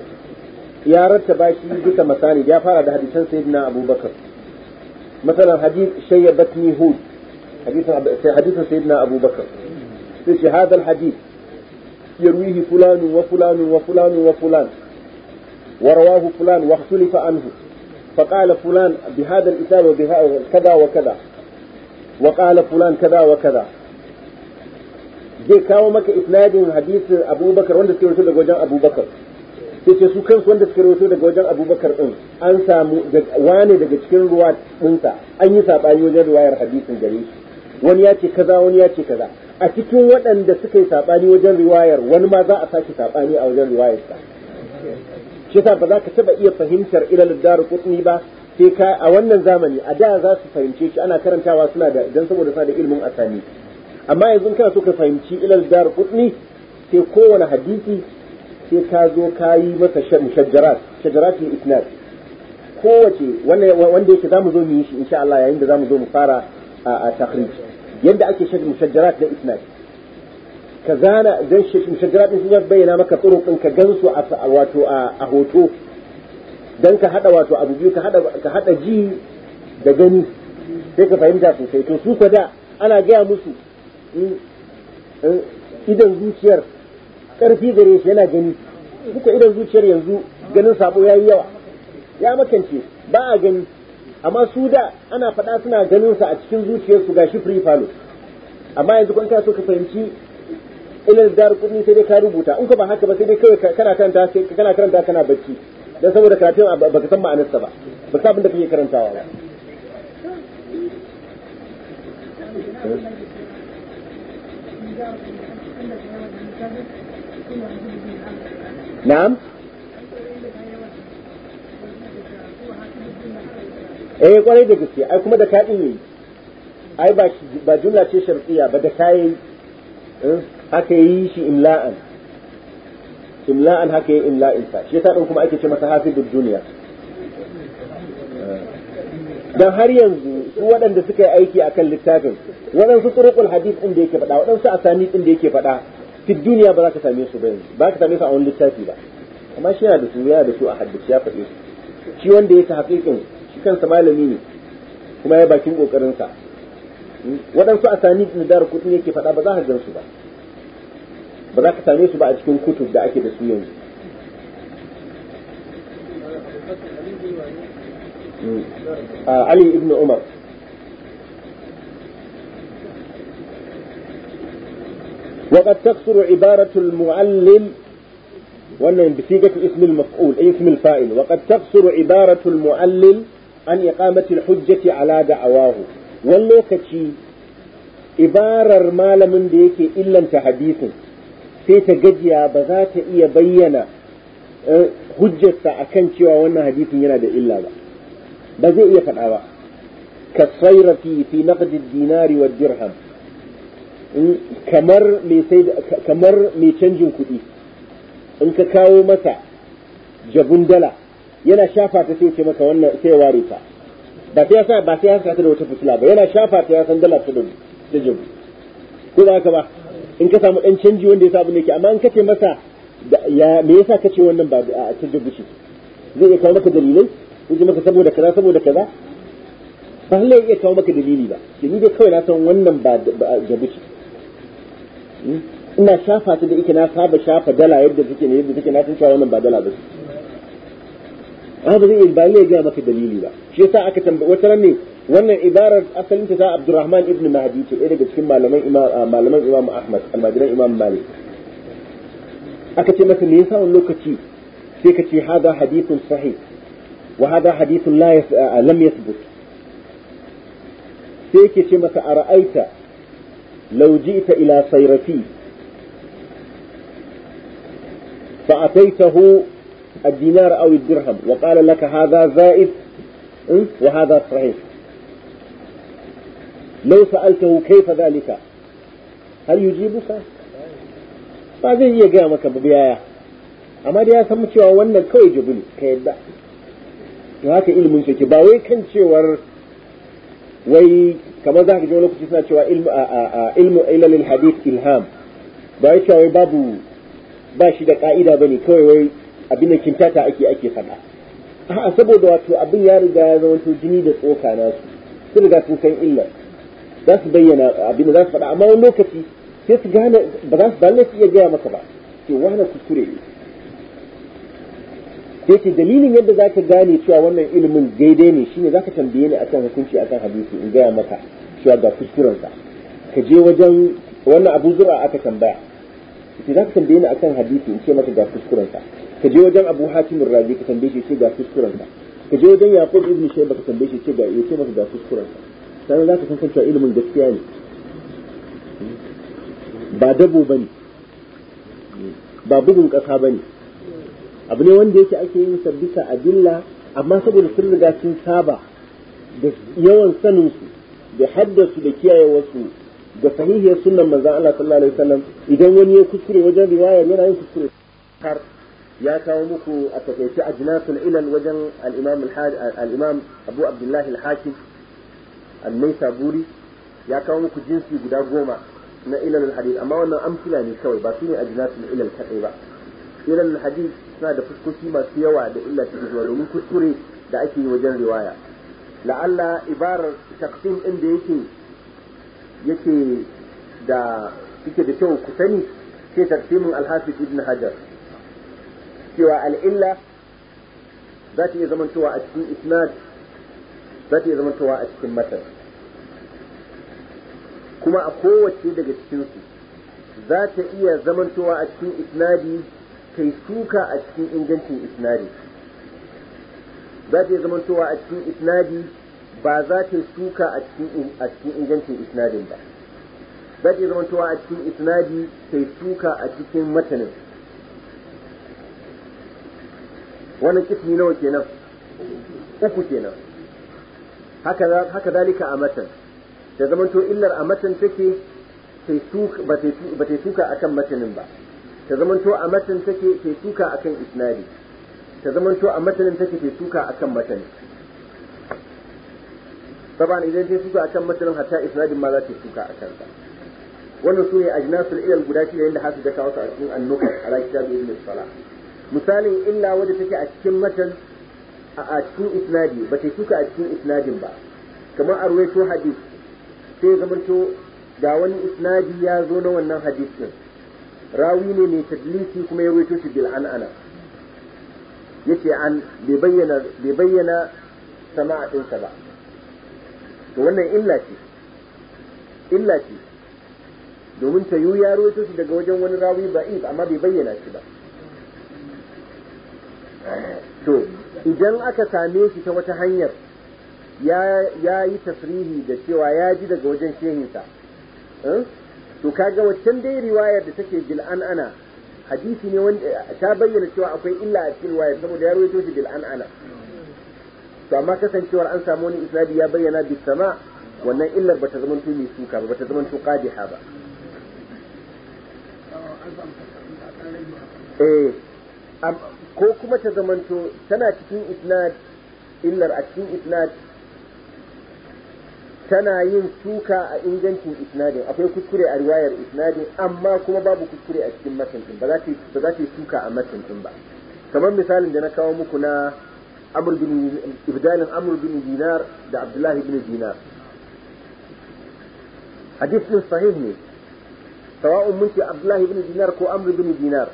ya rattaba shi duka masani ya fara da hadisan sayyidina abubakar مثلا hadith شيبتني هود حديث حديث سيدنا ابو بكر في هذا الحديث يرويه فلان وفلان وفلان وفلان ورواه فلان واختلف عنه فقال فلان بهذا الإثاب كذا وكذا وقال فلان كذا وكذا zai kawo maka isnadin hadisin abubakar wanda suka rawaito daga wajen abubakar sai ce su kansu wanda suka rawaito daga wajen abubakar din an samu wane daga cikin ruwa dinsa an yi saɓani wajen ruwayar hadisin gare shi wani ya ce kaza wani ya ce kaza a cikin waɗanda suka yi saɓani wajen riwayar wani ma za a sake saɓani a wajen riwayarsa shi yasa ba za ka taɓa iya fahimtar ilal daru kutni ba sai ka a wannan zamani a da za su fahimce shi ana karantawa suna da dan saboda suna da ilimin asani amma yanzu kana so ka fahimci ilal daru kutni sai kowane hadisi sai ka zo ka yi masa shajarat shajaratul isnad kowace wanda yake zamu zo mu yi shi insha Allah yayin da za mu zo mu fara a takhrij yadda ake shirin mushajjarat na isnad ka zana dan shafi mushajjarat da yadda bayyana maka turuqin ka gansu a a hoto don ka hada wato abu biyu ka hada ji da gani sai ka fahimta sosai to su da ana gaya musu hmm, hmm, idan zuciyar karfi gare shi yana gani kuka idan zuciyar yanzu ganin sabo yi yawa ya makance ba a gani amma su da ana faɗa suna ganin sa a cikin zuciyarsu gashi free fall amma yanzu kun ka so ka fahimci ilal dar kudi sai dai ka rubuta in ko ba haka ba sai dai kai kana karanta sai kana karanta kana bacci dan saboda ba ka san ma'anarsa ba ba ka abin da kake karantawa ba na'am eh kwarai da gaske ai kuma da kaɗin din yayi ai ba ba jumla ce shartiya ba da ka yi eh, haka yi shi imla'an imla'an haka yi imla'in sa shi yasa din kuma ake ce masa hafizud duniya eh. dan har yanzu su waɗanda suka yi aiki akan littafin waɗansu turuqul hadith din da yake faɗa waɗansu asani din da yake faɗa fi duniya ba za ka same su ba yanzu ba ka same su a wani littafi ba amma shi yana da su yana da su a haddace ya faɗi. shi wanda ya ta haƙiƙin kansa malami ne kuma ya bakin kokarinsa waɗansu a sani da dara yake faɗa ba za ka gansu ba ba za ka same su ba a cikin kutub da ake da su yanzu Ali ibn Umar وقد تقصر عبارة المعلم وأن بصيغة اسم المفعول أي اسم الفاعل وقد تقصر عبارة المعلم an iqamatil hujjati ala da'awahu wani lokaci ibarar malamin da yake illanta hadisin sai ta gajiya ba za ta iya bayyana eh, hujjarsa akan cewa wannan hadisin yana da illa ba ba zai iya faɗa ba ka tsaira fi fi naqdi dinari wa dirham kamar mai sai kamar mai canjin kuɗi in ka kawo masa jabun dala yana shafa ta sai ce maka wannan sai ware ta ba sai ya sa ba sai ya sa ta da wata fitila ba yana shafa ta ya san dala ta da da ko ba haka ba in ka samu dan canji wanda ya sabu ne ke amma in kace masa ya me yasa kace wannan ba a ta jibushi zai iya kawo maka dalilai zai maka saboda kaza saboda kaza ba halle iya kawo maka dalili ba ke ni dai kawai na san wannan ba jabushi hmm? ina shafa ta da ike na saba shafa dala yadda take ne yadda take na san cewa wannan ba dala ba ce ba zai ba ne ga maka dalili ba shi yasa aka tambaye wata ranne wannan ibarar asalinta ta Abdulrahman ibn Mahdi ce ɗaya daga cikin malaman imam malaman imam Ahmad almajiran imam Malik aka ce masa me yasa wannan lokaci sai ka ce hada hadithun sahih wa hada hadithun la lam yathbut sai ke ce masa a ra'aita lau ji'ta ila sayrati fa ataitahu الدينار أو الدرهم وقال لك هذا زائد وهذا صحيح لو سألته كيف ذلك هل يجيبك هذه هي قامك ببيايا أما دي أسمت شوى وانا كوي جبلي كيدا وهاك علم شوى باوي كان شوى وي كما ذاك جولوك جسنا شوى علم علم إلا للحديث إلهام باوي شوى بابو باشي دا قائدة بني كوي وي abin da kintata ake ake faɗa a'a saboda wato abin ya riga ya zama to jini da tsoka na su riga sun san illar za su bayyana abin da za su faɗa amma wani lokaci sai su gane ba za su ba su iya gaya maka ba ce wahala kuskure ne sai ce dalilin yadda za ka gane cewa wannan ilimin daidai ne shine za ka tambaye ni akan hukunci akan hadisi in gaya maka cewa ga kuskurensa ka je wajen wannan abu zura aka tambaya ce za ka tambaye ni akan hadisi in ce maka ga kuskurensa ka je wajen abu hatim Rabi ka tambaye shi ce ga kuskuren ka ka je wajen yaqub ibn shayba ka tambaye shi ce ga yace maka ga kuskuren ka sannan za ka san kanta ilimin gaskiya ne ba dabo bane ba bugun kasa bane abu ne wanda yake ake yin sabbisa adilla amma saboda sun riga sun saba da yawan sanin su da haddasu da kiyayewarsu da sahihiyar sunan manzon Allah sallallahu alaihi wasallam idan wani ya kuskure wajen riwaya yana yin kuskure har ya kawo muku a takaice ajnasul ilal wajen al-imam al Abu abdullahi al-Hakim al saburi ya kawo muku jinsi guda goma na ilal hadith amma wannan amfila ne kawai ba su ne ajnasul ilal kaɗai ba ilal al-hadis suna da fuskoki masu yawa da illa take zuwa domin kuskure da ake yi wajen riwaya la'alla ibarar ɗin inda yake yake da suke da kyau ku sani sai taqsimin al-Hafiz Ibn Hajar cewa al'illa za ta iya zamantowa a cikin isnad za ta iya zamantowa a cikin matan kuma a kowace daga cikinsu za ta iya zamantowa a cikin isnadi kai suka a cikin ingancin isnadi za ta iya zamantowa a cikin isnadi ba za ta suka a cikin ingancin isnadin ba za ta iya zamantowa a cikin isnadi kai suka a cikin matanin wannan kifi nawa kenan uku kenan haka haka dalika a matan da zamanto illar a matan take sai suka ba ta suka akan matanin ba ta zamanto a matan take sai suka akan isnadi ta zamanto a matanin take sai suka akan matanin saban idan sai suka akan matanin hatta isnadin ma za ta suka akan sa wannan ne ajnasul ilal guda shida da hasu da kawo su a cikin annuka ala kitab ibn salah misalin illa wadda take a cikin matan a cikin isnadi ba ta shuka a cikin isnadin ba kamar a ruwaito hadis sai zamanto ga wani isnadi ya zo na wannan hadith din rawi ne mai tadlisi kuma ya ruwaito shi bil an'ana yace an bai bayyana bai bayyana sama'a ɗinsa ba to wannan illa ce illa ce domin ta yu ya ruwaito shi daga wajen wani rawi ba'if amma bai bayyana shi ba to idan aka same shi ta wata hanyar ya yi tasrihi da cewa ya ji daga wajen shehinsa hmm? to kaga waccan dai riwayar da take bil ana hadisi ne wanda ta bayyana cewa akwai illa a cikin riwayar saboda ya rawaito shi bil ana to amma kasancewar an samu wani isladi ya bayyana bis sama wannan illar bata zama tun mai suka ba bata zama to qadiha ba eh ko kuma ta zamanto tana cikin isnad illar a cikin isnad tana yin suka a ingancin isnadin akwai kuskure a riwayar isnadin amma kuma babu kuskure a cikin matan ba za ta yi suka a matan ba kamar misalin da na kawo muku na amr bin ibdalin amr bin dinar da abdullah bin dinar hadith din sahih ne sawa'un mun ce abdullah bin dinar ko amr bin dinar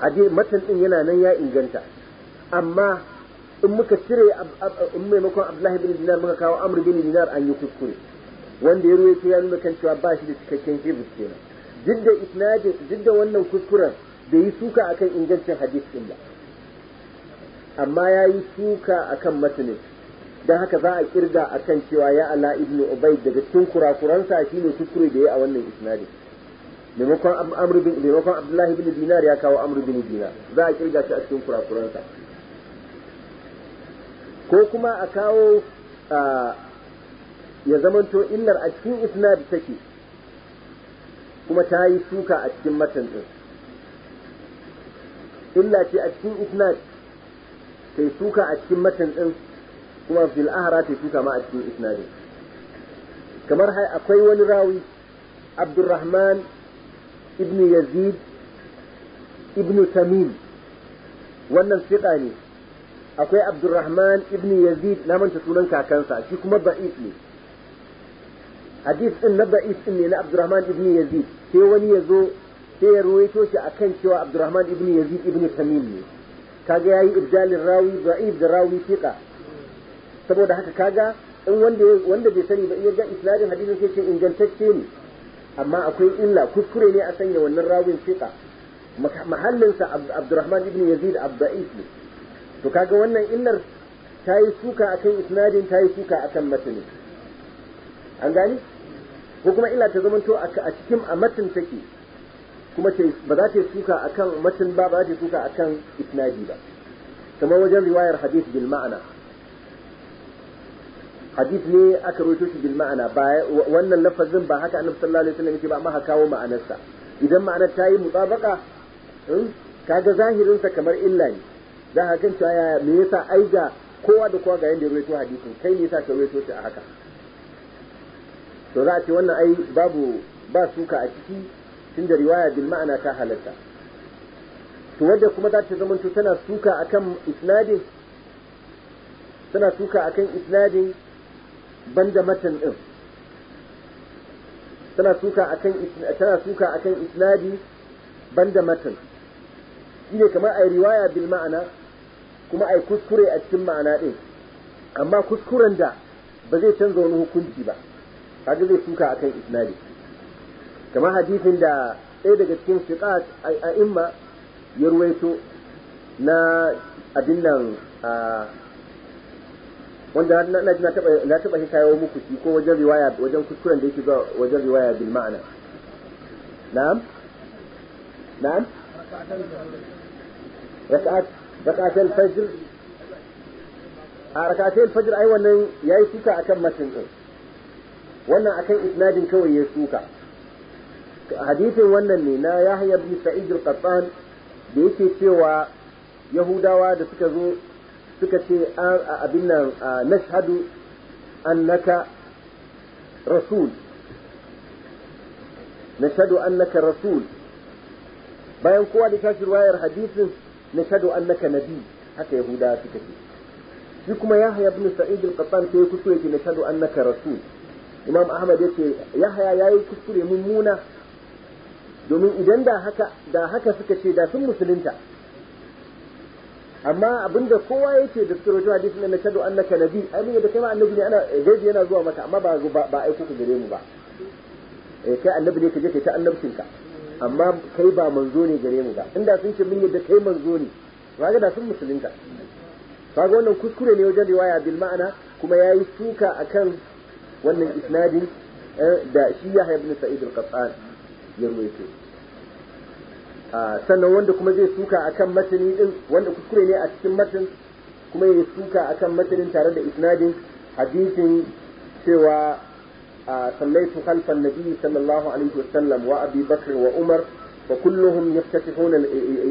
a je matan ɗin yana nan ya inganta amma in muka cire in maimakon abdullahi bin dinar muka kawo amr bin dinar an yi kuskure wanda ya ruwaito ya nuna kan cewa ba shi da cikakken hibis kenan duk da isnadin duk da wannan kuskuren da yi suka akan ingancin hadis din ba amma ya yi suka akan matanin don haka za a kirga akan cewa ya ala ibnu ubaid daga cikin kurakuransa shine kuskure da ya a wannan isnadin maimakon amru bin maimakon abdullahi bin dinar ya kawo amru bin dinar za a kirga shi a cikin kurakuransa ko kuma a kawo ya zamanto illar a cikin isnad take kuma ta yi suka a cikin matan din illa ce a cikin isnad ta yi suka a cikin matan din kuma fil ahra ta yi suka ma a cikin isnad kamar akwai wani rawi abdurrahman ابن yazid ابن تميم wannan fiqa ne akwai abdurrahman ibn yazid na manta sunan kakansa shi kuma ba'if ne hadis din na ba'if ne na abdurrahman ibn yazid sai wani ya zo sai ya ruwaito shi akan cewa abdurrahman ibn yazid ibn tamim ne kaga yayi ibdalin rawi ba'if da rawi fiqa saboda haka kaga in wanda wanda bai sani ba iya ga isnadin hadisin sai ce ingantacce ne amma akwai illa kuskure ne a sanya wannan rawin fiqa mahallinsa Abdurrahman ibn Yazid Abda'if ne to kaga wannan illar ta yi suka akan isnadin ta yi suka akan matanin an gani ko kuma illa ta zamanto a cikin a matin take kuma ba za ta yi suka akan matin ba ba za ta yi suka akan isnadi ba kamar wajen riwayar hadith bil ma'ana hadith ne aka rubuto shi bil ma'ana ba wannan lafazin ba haka annabi sallallahu alaihi wasallam yake ba amma kawo ma'anarsa idan ma'anar ta yi mutabaka hmm, kaga zahirin sa kamar illa ne za ka kan cewa me yasa ai ga kowa da kowa ga yanda ya rubuto hadisin kai ne yasa ka rubuto shi a haka to za a ce wannan ai babu ba suka a ciki da riwaya bil ma'ana ta halatta to wadda kuma za ta zamanto tana suka akan isnadin tana suka akan isnadin banda matan din tana suka akan tana suka akan isnadi banda matan shine kamar ai riwaya bil ma'ana kuma ai kuskure a cikin ma'ana din amma kuskuren da ba zai canza wani hukunci ba kaga zai suka akan isnadi kamar hadisin da ɗaya daga cikin fiqat aimma imma ya ruwaito na abin nan wanda na ji na taba shi kayo muku shi ko wajen riwaya wajen kuskuren da yake zuwa wajen riwaya bil ma'ana na'am na'am raka'at raka'atul fajr a raka'atul fajr ai wannan yayi suka akan mashin din wannan akan isnadin kawai ya suka hadisin wannan ne na Yahya bin Sa'id al-Qattan da yake cewa Yahudawa da suka zo suka ce abin nan nashhadu annaka rasul nashhadu annaka rasul bayan kowa da tashi ruwayar hadisin nashhadu annaka nabi haka yahuda suka ce shi kuma yahya ibn sa'id al-qattan sai kuskure yake nashhadu annaka rasul imam ahmad yace yahya yayi kuskure mummuna domin idan da haka da haka suka ce da sun musulunta amma abinda kowa yake da tsoro hadisi na an annaka nabi ai da kai ma annabi ne ana gaji yana zuwa maka amma ba ba aiko ku gare mu ba eh kai annabi ne kaje kai ta annabcin ka amma kai ba manzo ne gare mu ba inda sun ce mun yadda kai manzo ne kaga da sun musulunta kaga wannan kuskure ne wajen riwaya bil ma'ana kuma yayi suka akan wannan isnadin eh, da shi ya ibn Sa'id al-Qattan ya ruwaito Ah, sannan wanda kuma zai suka akan matani din wanda kuskure ne a cikin matan kuma ya suka akan matanin tare da isnadin hadisin cewa صليت خلف النبي صلى الله عليه wa وأبي بكر وعمر وكلهم يفتتحون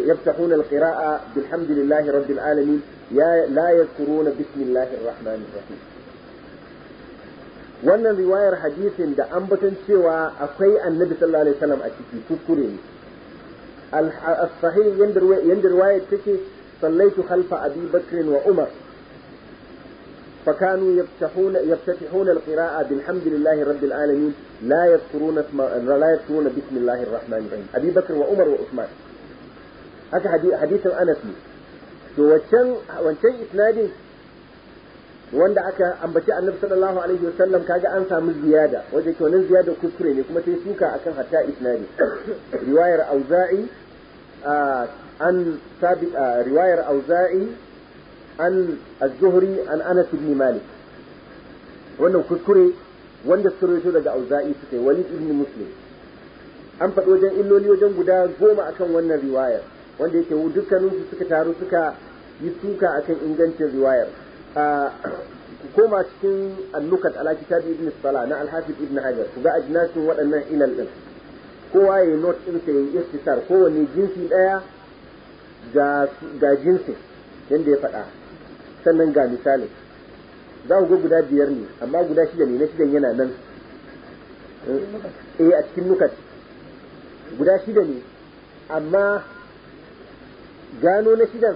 يفتحون القراءة بالحمد لله رب العالمين alamin لا يذكرون بسم الله wannan riwayar hadisin da an batun cewa akwai annabi sallallahu alaihi wasallam a ciki kuskure ne الصحيح يند رواية تكي صليت خلف أبي بكر وعمر فكانوا يفتحون يفتتحون القراءة بالحمد لله رب العالمين لا يذكرون لا يذكرون بسم الله الرحمن الرحيم أبي بكر وعمر وعثمان هذا حديث حديث أنس تو وكان وكان إسنادي wanda aka ambaci annabi sallallahu alaihi wasallam kaga an samu ziyada wajen kyonin ziyada kuskure ne kuma sai suka akan hatta isnadi riwayar auza'i an sabi riwayar auza'i an az-zuhri an anas ibn malik wannan kuskure wanda suka rawaito daga auza'i suka yi walid ibn muslim an faɗi wajen illoli wajen guda goma akan wannan riwayar wanda yake dukkaninsu suka taru suka yi suka akan ingancin riwayar ku koma cikin annukat ala kitab ibn sala na alhafiz ibn hajar ku ga ajnasin waɗannan ilal din kowa ya not din sa yayi istisar kowane jinsi daya ga ga jinsi yanda ya faɗa sannan ga misali za ku ga guda biyar ne amma guda shida ne na shidan yana nan eh a cikin nukat guda shida ne amma gano na shidan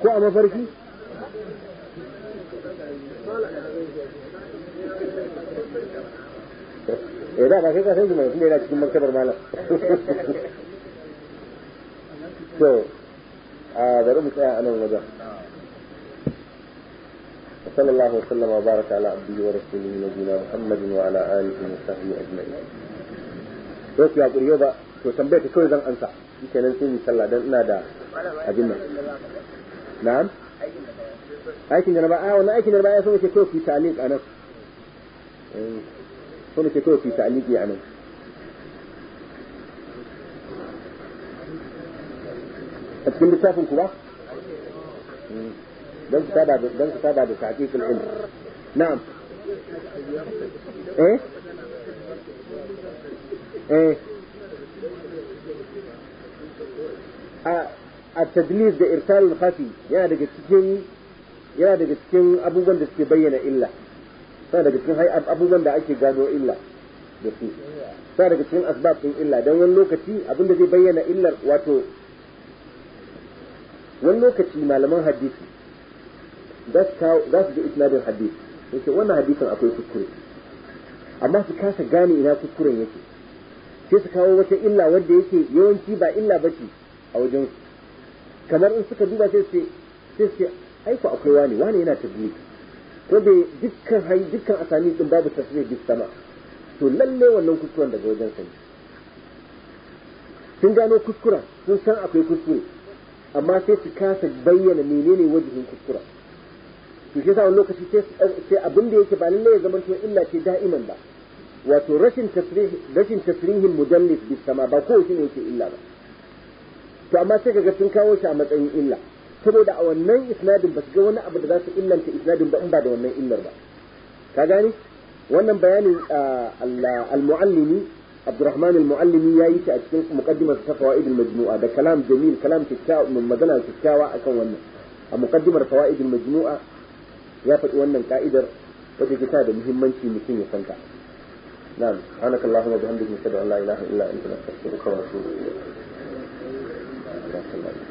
ko a mafarki eh da ba sai ka san su mai kuma yana cikin maktabar malam to a bari mu tsaya a nan wajen صلى الله وسلم وبارك على عبده ورسوله نبينا محمد وعلى اله وصحبه اجمعين. يوم يا قريبا to tambaye ta kawai zan ansa shikenan sai mu sallah dan ina da نعم أيكن جنبا آه ولا أيكن جنبا آه سوني كتوب في تعليق أنا سوني كتوب في تعليق يعني أتكلم بتشافن كوا دم تتابع دم تتابع بتعكيك العلم نعم ايه ايه آه. التدليس ده إرسال yana daga cikin abubuwan da suke bayyana illa sai daga cikin abubuwan da ake gano illa da su daga cikin asbab din illa don wani lokaci abin da zai bayyana illar wato wani lokaci malaman hadisi za su ga isnadin hadisi yake wannan hadisin akwai kuskure amma su kasa gane ina kuskuren yake sai su kawo wata illa wadda yake yawanci ba illa bace a wajen kamar in suka duba sai su sai su ai ko akwai wani wani yana tabbi ko bai dukkan hayi dukkan asani din babu tasbih bis sama to lalle wannan kuskuren daga wajen sani sun gano kuskura sun san akwai kuskure amma sai su kasa bayyana menene wajihin kuskura to shi yasa wani lokaci sai abin da yake ba lalle ya zama cewa illa ce da'iman ba wato rashin tasrih rashin tasrihin mujallis bisama ba ko shi ne yake illa ba to amma sai kaga sun kawo shi a matsayin illa saboda a wannan isnadin ba su ga wani abu da za su illanta isnadin ba in ba da wannan illar ba ka gani wannan bayanin al-muallimi Abdurrahman al-muallimi ya yi shi a cikin muqaddimar ta fawaid al-majmu'a da kalam jamil kalam kikkiawa mun magana kikkiawa akan wannan a muqaddimar fawaid al-majmu'a ya faɗi wannan ka'idar wacce ke da muhimmanci mutum ya sanka na'am subhanakallahumma wa bihamdika ashhadu an la ilaha illa anta astaghfiruka wa atubu الله